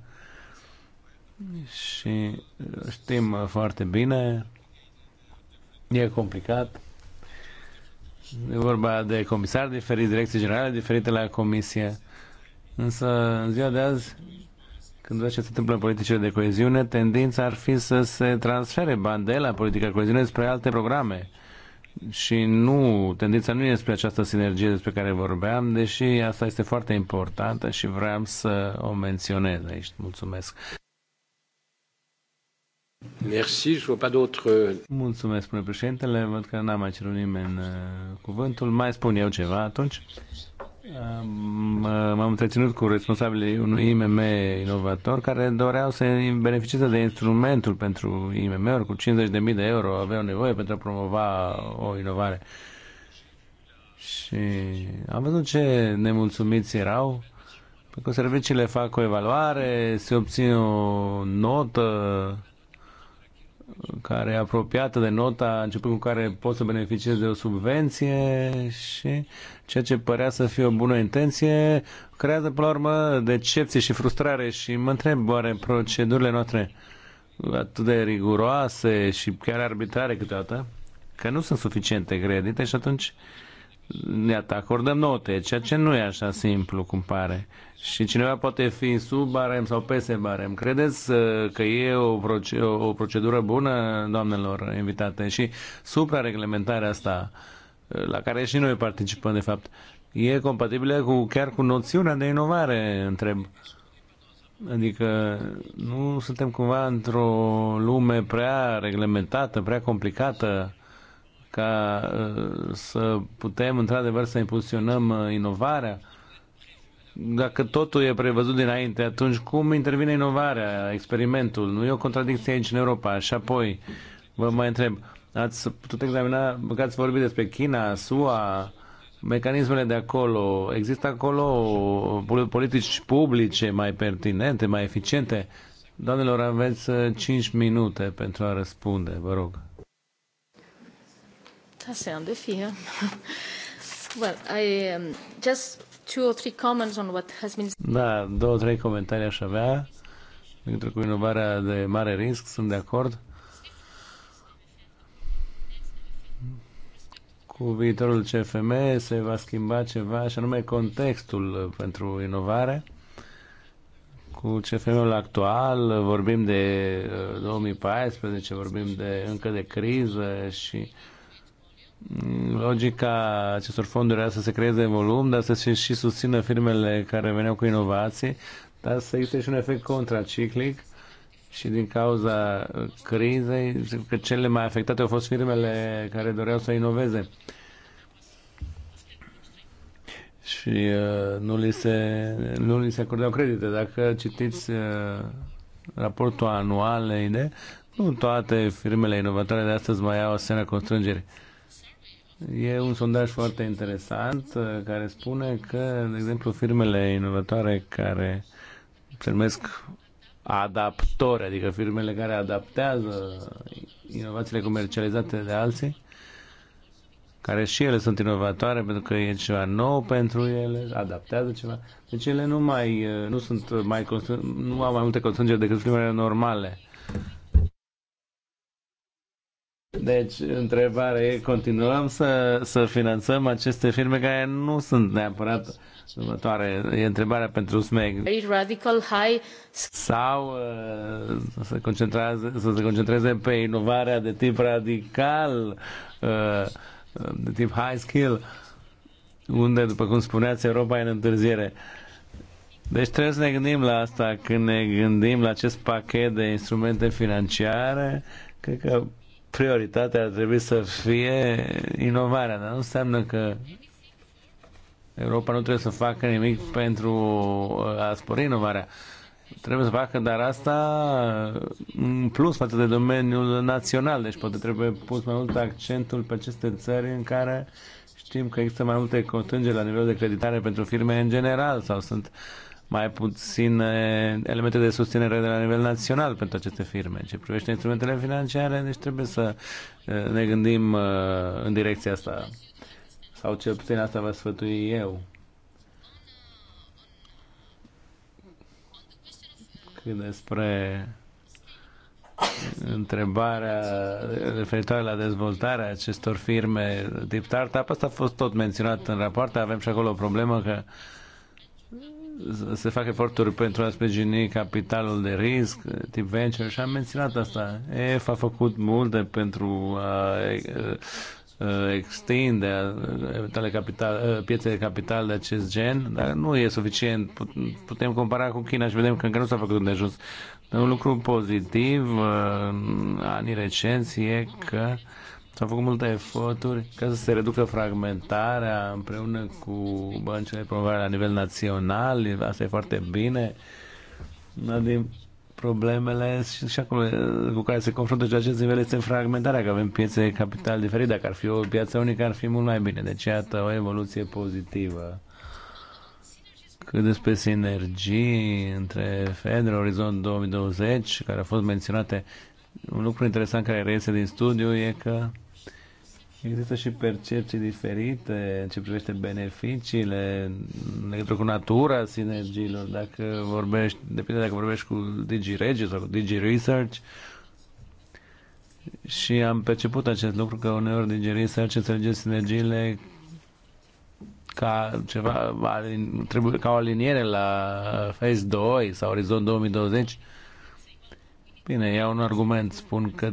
și știm foarte bine, e complicat, E vorba de comisari diferiți, direcții generale diferite la comisie. Însă, în ziua de azi, când vezi ce se întâmplă în politicile de coeziune, tendința ar fi să se transfere bani de la politica coeziune spre alte programe. Și nu, tendința nu este spre această sinergie despre care vorbeam, deși asta este foarte importantă și vreau să o menționez aici. Mulțumesc! Merci, je vois pas d'autres... Mulțumesc, spune președintele, văd că n-am mai cerut nimeni uh, cuvântul. Mai spun eu ceva atunci. Uh, m-am întreținut cu responsabilii unui IMM inovator care doreau să beneficieze de instrumentul pentru IMM-uri cu 50.000 de euro aveau nevoie pentru a promova o inovare. Și am văzut ce nemulțumiți erau pentru că serviciile fac o evaluare, se obține o notă care e apropiată de nota începând cu care poți să beneficiezi de o subvenție și ceea ce părea să fie o bună intenție creează până la urmă decepție și frustrare și mă întreb oare procedurile noastre atât de riguroase și chiar arbitrare câteodată că nu sunt suficiente credite și atunci uh, ne acordăm note, ceea ce nu e așa simplu, cum pare. Și cineva poate fi sub barem sau peste barem. Credeți uh, că e o, proce- o procedură bună, doamnelor invitate? Și suprareglementarea asta, uh, la care și noi participăm, de fapt, e compatibilă cu, chiar cu noțiunea de inovare, întreb. Adică nu suntem cumva într-o lume prea reglementată, prea complicată, ca uh, să putem într-adevăr să impulsionăm uh, inovarea? Dacă totul e prevăzut dinainte, atunci cum intervine inovarea, experimentul? Nu e o contradicție aici în Europa. Și apoi, vă mai întreb, ați putut examina, că ați vorbit despre China, SUA, mecanismele de acolo, există acolo politici publice mai pertinente, mai eficiente? Doamnelor, aveți 5 uh, minute pentru a răspunde, vă rog ça c'est un défi. Hein? well, I, um, just two or three comments on what has been... Da, două, trei comentarii aș avea. Pentru cu inovarea de mare risc, sunt de acord. Cu viitorul CFM se va schimba ceva, și anume contextul pentru inovare cu CFM-ul actual, vorbim de 2014, uh, vorbim de încă de criză și Mm, logica acestor fonduri era să se creeze volum, dar să se și susțină firmele care veneau cu inovații, dar să existe și un efect contraciclic și din cauza crizei, că cele mai afectate au fost firmele care doreau să inoveze. Și uh, nu, li se, nu li se acordeau credite. Dacă citiți uh, raportul anual, nu toate firmele inovatoare de astăzi mai au asemenea constrângeri. Uh, E un sondaj foarte interesant uh, care spune că, de exemplu, firmele inovatoare care se numesc adaptori, adică firmele care adaptează inovațiile comercializate de alții, care și ele sunt inovatoare pentru că e ceva nou pentru ele, adaptează ceva. Deci ele nu mai uh, nu sunt mai nu au mai multe constrângeri decât firmele normale. Deci, întrebarea e, continuăm să, să finanțăm aceste firme care nu sunt neapărat următoare, e întrebarea pentru SMEG. Radical high... Sau uh, să, concentreze, să se concentreze pe inovarea de tip radical, uh, de tip high skill, unde, după cum spuneați, Europa e în întârziere. Deci trebuie să ne gândim la asta când ne gândim la acest pachet de instrumente financiare. Cred că prioritatea ar trebui să fie inovarea, dar nu înseamnă că Europa nu trebuie să facă nimic pentru uh, a spori inovarea. Trebuie să facă, dar asta în plus față de domeniul național, deci poate trebuie pus mai mult accentul pe aceste țări în care știm că există mai multe constrângeri la nivel de creditare pentru firme în general sau sunt uh, mai puțin elemente de susținere de la nivel național pentru aceste firme. Ce privește instrumentele financiare, deci trebuie să eh, ne gândim eh, în direcția asta. Sau cel puțin asta vă sfătui eu. Cât despre întrebarea referitoare la dezvoltarea acestor firme tip startup, asta a fost tot menționat în raport, avem și acolo o problemă că uh, se fac eforturi pentru a sprijini capitalul de risc, tip venture, și am menționat asta. EF a făcut multe pentru a extinde tale capital, piețe de capital de acest gen, dar nu e suficient. Putem compara cu China și vedem că încă nu s-a făcut de jos. Un lucru pozitiv în anii recenți e că S-au făcut multe eforturi ca să se reducă fragmentarea împreună cu băncile de promovare la nivel național. Asta e foarte bine. Una din problemele și, și acolo cu care se confruntă și acest nivel este fragmentarea, că avem piețe de capital diferite. Dacă ar fi o piață unică, ar fi mult mai bine. Deci, iată, o evoluție pozitivă. Cât despre sinergii între Fed, Orizont 2020, care au fost menționate, un lucru interesant care reiese din studiu e că Există și percepții diferite în ce privește beneficiile în legătură cu natura sinergiilor. Dacă vorbești, depinde dacă vorbești cu DigiRegis sau cu DigiResearch, și am perceput acest lucru că uneori DigiResearch înțelege sinergiile ca ceva, trebuie, ca o aliniere la Phase 2 sau Orizont 2020. Bine, iau un argument, spun că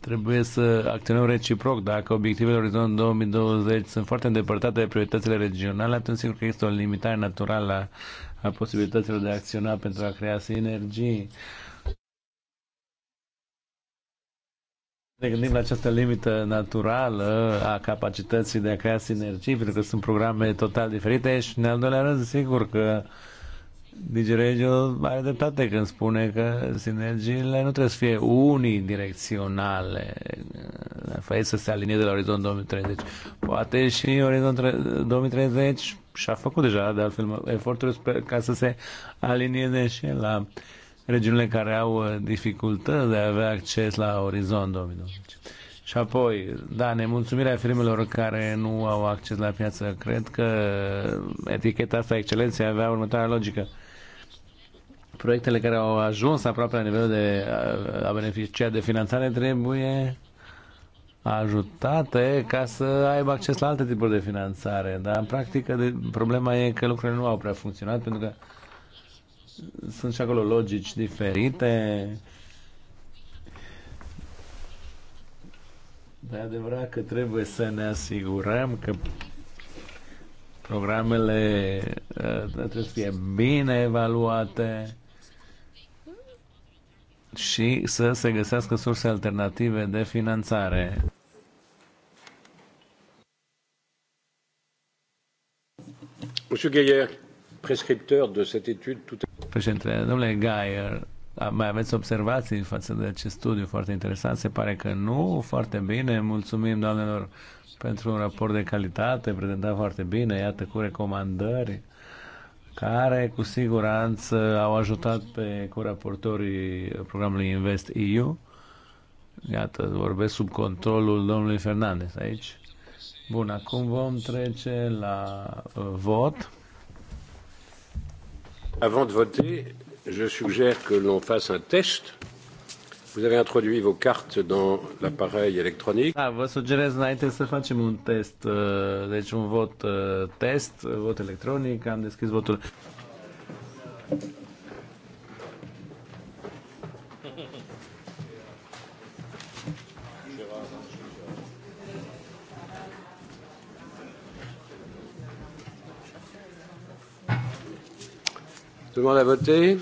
trebuie să acționăm reciproc. Dacă obiectivele Orizont 2020 sunt foarte îndepărtate de prioritățile regionale, atunci sigur că există o limitare naturală a, a posibilităților de a acționa pentru a crea sinergii. Ne gândim la această limită naturală a capacității de a crea sinergii, pentru că sunt programe total diferite și, în al doilea rând, sigur că uh, Digiregio are dreptate când spune că sinergiile nu trebuie să fie unidirecționale, fără să se alinieze la Orizont 2030. Poate și Orizont 2030 și-a făcut deja, de altfel, eforturi ca să se alinieze și la regiunile care au uh, dificultăți de a avea acces la Orizont 2020. Și apoi, da, nemulțumirea firmelor care nu au acces la piață. Cred că uh, eticheta asta excelenței avea următoarea logică proiectele care au ajuns aproape la nivelul de a beneficia de finanțare trebuie ajutate ca să aibă acces la alte tipuri de finanțare. Dar, în practică, de, problema e că lucrurile nu au prea funcționat pentru că sunt și acolo logici diferite. Dar e adevărat că trebuie să ne asigurăm că programele uh, trebuie să fie bine evaluate și să se găsească surse alternative de finanțare. Monsieur Gaillard, prescripteur de cette étude tout Președinte, domnule Gaier, mai aveți observații față de acest studiu foarte interesant? Se pare că nu, foarte bine. Mulțumim, doamnelor, pentru un raport de calitate prezentat foarte bine, iată, cu recomandări care cu siguranță au ajutat pe coraportorii programului Invest EU. Iată, vorbesc sub controlul domnului Fernandez aici. Bun, acum vom trece la uh, vot. Avant de voter, je suggère que l'on fasse un test. Vous avez introduit vos cartes dans l'appareil électronique. Ah, vă sugerez înainte să facem un test, uh, deci un vot uh, test, vot electronic, am deschis votul. Tout le monde a voté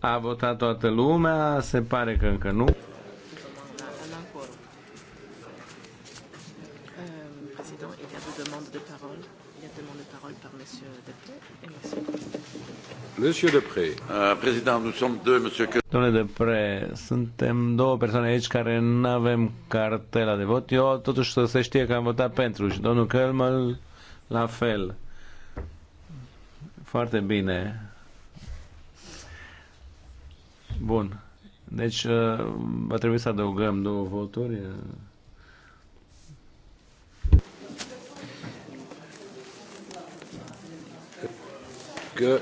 a votat toată lumea, se pare că încă nu. Monsieur Depré. Uh, président, nous sommes deux, monsieur que... Domnule Depré, suntem două persoane aici care nu avem cartela de vot. Eu totuși să se știe că am votat pentru și domnul Kelmel la fel. Foarte bine. Bun. Deci uh, va trebui să adăugăm două voturi. Că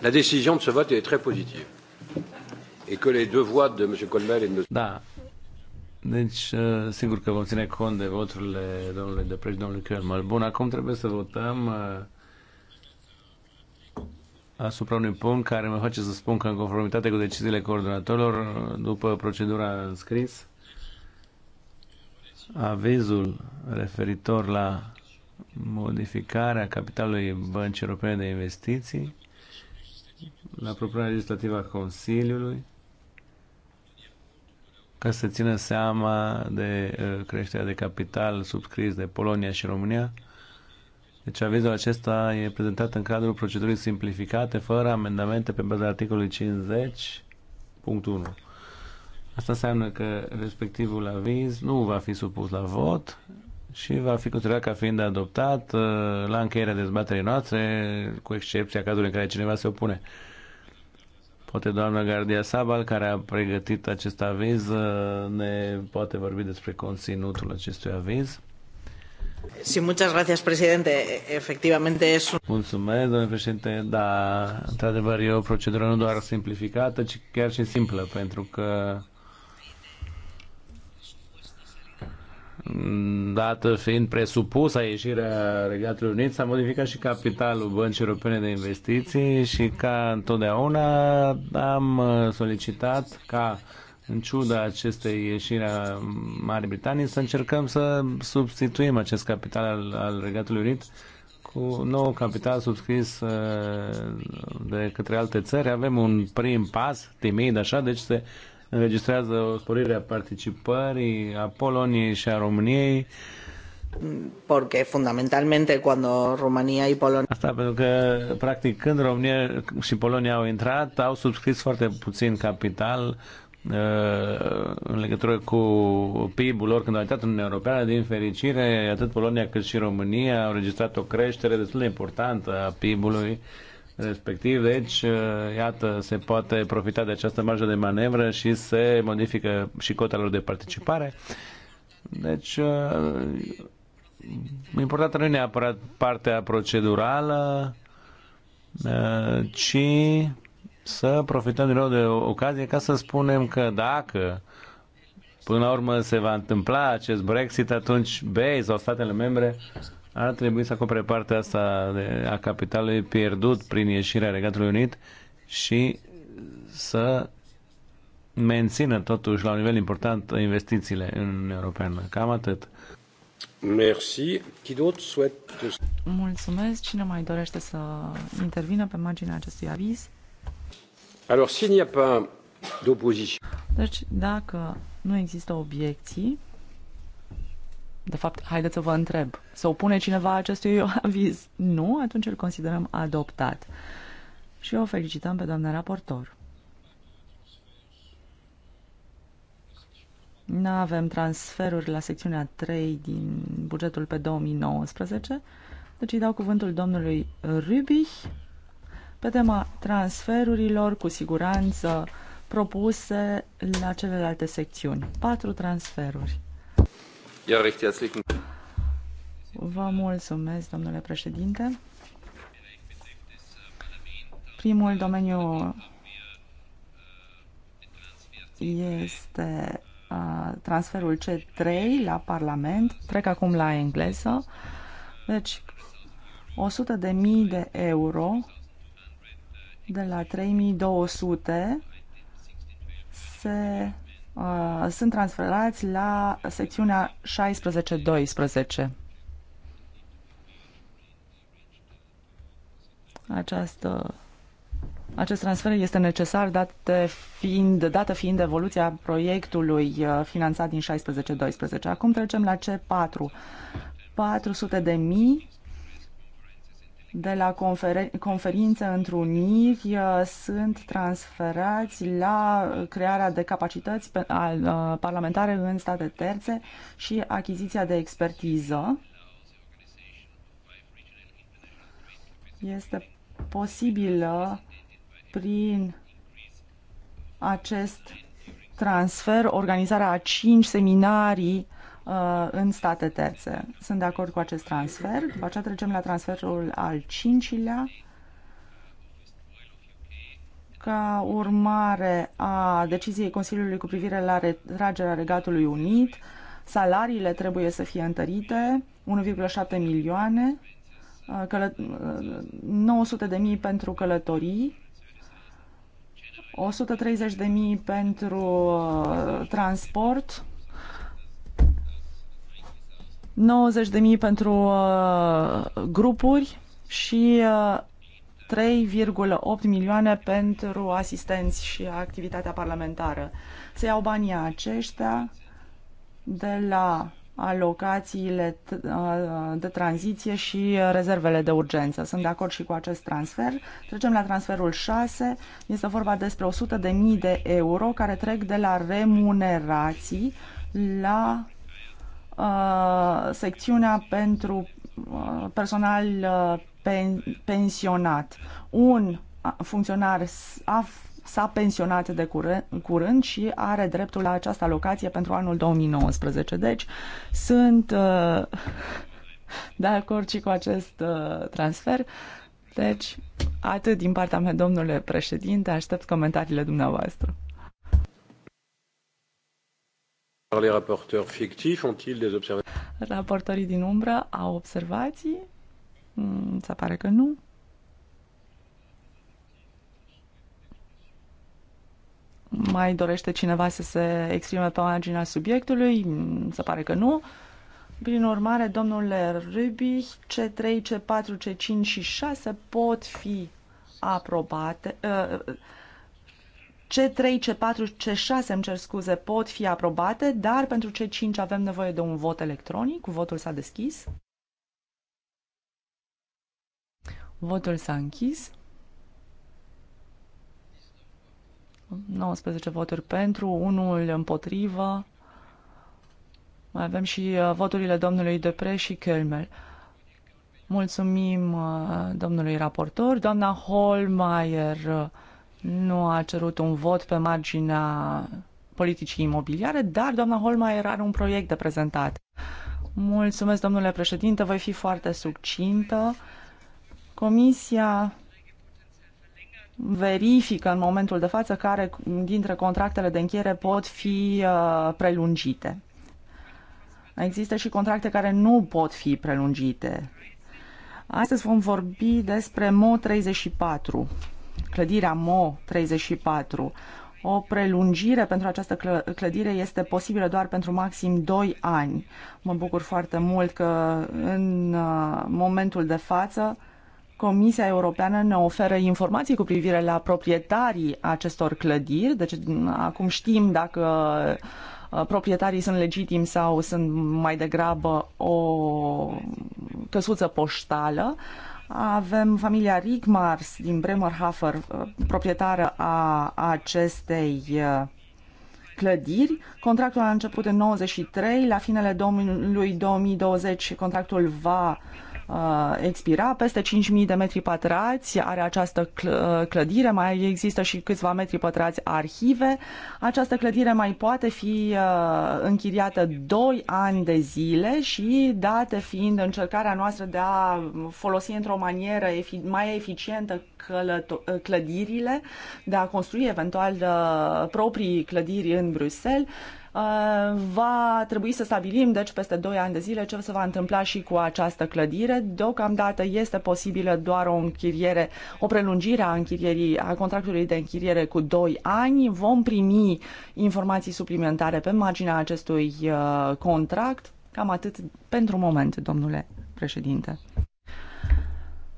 la decizia de ce este foarte pozitivă, și et que les deux voix de M. Colmel et de M. Da. Deci, uh, sigur că vom ține cont de voturile domnului preș, domnului Colmel. Bun, acum trebuie să votăm uh, asupra unui punct care mă face să spun că în conformitate cu deciziile coordonatorilor, după procedura scris, avizul referitor la modificarea capitalului Băncii Europene de Investiții, la propunerea legislativă a Consiliului, ca să țină seama de uh, creșterea de capital subscris de Polonia și România, deci avizul acesta e prezentat în cadrul procedurii simplificate, fără amendamente pe baza articolului 50, 1. Asta înseamnă că respectivul aviz nu va fi supus la vot și va fi considerat ca fiind adoptat uh, la încheierea dezbaterii noastre, cu excepția cazului în care cineva se opune. Poate doamna Gardia Sabal, care a pregătit acest aviz, uh, ne poate vorbi despre conținutul acestui aviz. Sí, muchas gracias, presidente. Efectivamente es un... Mulțumesc, domnule președinte. Da, într-adevăr e o procedură nu doar simplificată, ci chiar și simplă, pentru că dată fiind presupusa ieșirea Regatului Unit, s-a modificat și capitalul Băncii Europene de Investiții și ca întotdeauna am solicitat ca în ciuda acestei ieșiri a Marii Britanii, să încercăm să substituim acest capital al, al Regatului Unit cu nou capital subscris uh, de către alte țări. Avem un prim pas, timid, așa, deci se înregistrează o sporire a participării a Poloniei și a României. Porque fundamentalmente cuando România și Polonia... Asta pentru că, practic, când România și Polonia au intrat, au subscris foarte puțin capital Uh, în legătură cu PIB-ul lor când au intrat în Uniunea Europeană. Din fericire, atât Polonia cât și România au registrat o creștere destul de importantă a PIB-ului respectiv. Deci, uh, iată, se poate profita de această marjă de manevră și se modifică și cota lor de participare. Deci, uh, importantă nu e neapărat partea procedurală, ci să profităm din nou de ocazie ca să spunem că dacă până la urmă se va întâmpla acest Brexit, atunci BEI sau statele membre ar trebui să acopere partea asta de, a capitalului pierdut prin ieșirea Regatului Unit și să mențină totuși la un nivel important investițiile în Uniunea Europeană. Cam atât. Merci. Qui souhaite... Mulțumesc. Cine mai dorește să intervină pe marginea acestui aviz? Alors, s'il n'y a pas d'opposition. Deci, dacă nu există obiecții, de fapt, haideți să vă întreb, să opune cineva acestui aviz? Nu, atunci îl considerăm adoptat. Și o felicităm pe doamna raportor. Nu avem transferuri la secțiunea 3 din bugetul pe 2019, deci îi dau cuvântul domnului Rubich pe tema transferurilor cu siguranță propuse la celelalte secțiuni. Patru transferuri. herzlichen. Vă mulțumesc, domnule președinte. Primul domeniu este transferul C3 la Parlament. Trec acum la engleză. Deci, 100 de mii de euro de la 3200 se, uh, sunt transferați la secțiunea 16-12. Această acest transfer este necesar dată fiind, dată fiind evoluția proiectului uh, finanțat din 16-12. Acum trecem la C4. 400 de mii de la conferen- conferințe, întruniri uh, sunt transferați la crearea de capacități uh, parlamentare în state terțe și achiziția de expertiză. Este posibilă prin acest transfer organizarea a cinci seminarii Uh, în state terțe. Sunt de acord cu acest transfer. După aceea trecem la transferul al cincilea, ca urmare a deciziei Consiliului cu privire la retragerea Regatului Unit, salariile trebuie să fie întărite, 1,7 milioane, 900 uh, uh, de mii pentru călătorii, 130 de mii pentru transport, 90.000 pentru uh, grupuri și uh, 3,8 milioane pentru asistenți și activitatea parlamentară. Se iau banii aceștia de la alocațiile uh, de tranziție și rezervele de urgență. Sunt de acord și cu acest transfer. Trecem la transferul 6. Este vorba despre 100.000 de euro care trec de la remunerații la Uh, secțiunea pentru uh, personal uh, pen, pensionat. Un funcționar s-a pensionat de curând, curând și are dreptul la această locație pentru anul 2019. Deci sunt uh, de acord și cu acest uh, transfer. Deci, atât din partea mea, domnule președinte, aștept comentariile dumneavoastră. Les rapporteurs fictifs ont-ils des observations? Raportorii din umbră au observații? Mm, ça pare că nu. Mai dorește cineva să se exprime pe marginea subiectului? Mm, Se pare că nu. Prin urmare, domnule Rubich, C3, C4, C5 și 6 pot fi aprobate, uh, C3, C4, C6, îmi cer scuze, pot fi aprobate, dar pentru C5 avem nevoie de un vot electronic. Votul s-a deschis. Votul s-a închis. 19 voturi pentru, unul împotrivă. Mai avem și uh, voturile domnului Depre și Kölmel. Mulțumim uh, domnului raportor. Doamna Holmeier uh, nu a cerut un vot pe marginea politicii imobiliare, dar doamna Holmeier are un proiect de prezentat. Mulțumesc, domnule președinte, voi fi foarte succintă. Comisia verifică în momentul de față care dintre contractele de încheiere pot fi uh, prelungite. Există și contracte care nu pot fi prelungite. Astăzi vom vorbi despre MO 34 clădirea MO 34. O prelungire pentru această clădire este posibilă doar pentru maxim 2 ani. Mă bucur foarte mult că în uh, momentul de față Comisia Europeană ne oferă informații cu privire la proprietarii acestor clădiri, deci mm, acum știm dacă uh, proprietarii sunt legitimi sau sunt mai degrabă o căsuță poștală. Avem familia Rigmars din Bremerhaven, uh, proprietară a acestei uh, clădiri. Contractul a început în 93, la finele lui 2020 contractul va Uh, expira. Peste 5.000 de metri pătrați are această uh, clădire, mai există și câțiva metri pătrați arhive. Această clădire mai poate fi uh, închiriată 2 ani de zile și date fiind încercarea noastră de a folosi într-o manieră mai eficientă clădirile, de a construi eventual proprii clădiri în Bruxelles, Uh, va trebui să stabilim, deci, peste 2 ani de zile ce se va întâmpla și cu această clădire. Deocamdată este posibilă doar o închiriere, o prelungire a închirierii, a contractului de închiriere cu 2 ani. Vom primi informații suplimentare pe marginea acestui uh, contract. Cam atât pentru moment, domnule președinte.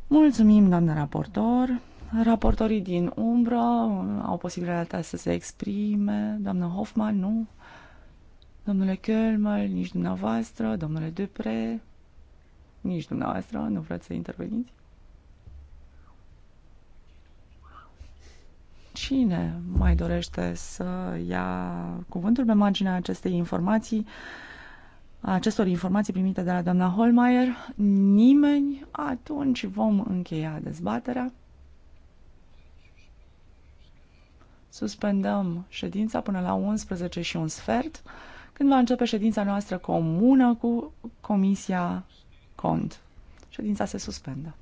Mulțumim, doamnă raportor. Raportorii din umbră au posibilitatea să se exprime. Doamnă Hoffman, nu? Domnule Kölmel, nici dumneavoastră, domnule Dupre, nici dumneavoastră, nu vreți să interveniți? Cine mai dorește să ia cuvântul pe marginea acestei informații, acestor informații primite de la doamna Holmeier? Nimeni? Atunci vom încheia dezbaterea. Suspendăm ședința până la 11 și un sfert când va începe ședința noastră comună cu Comisia Cont. Ședința se suspendă.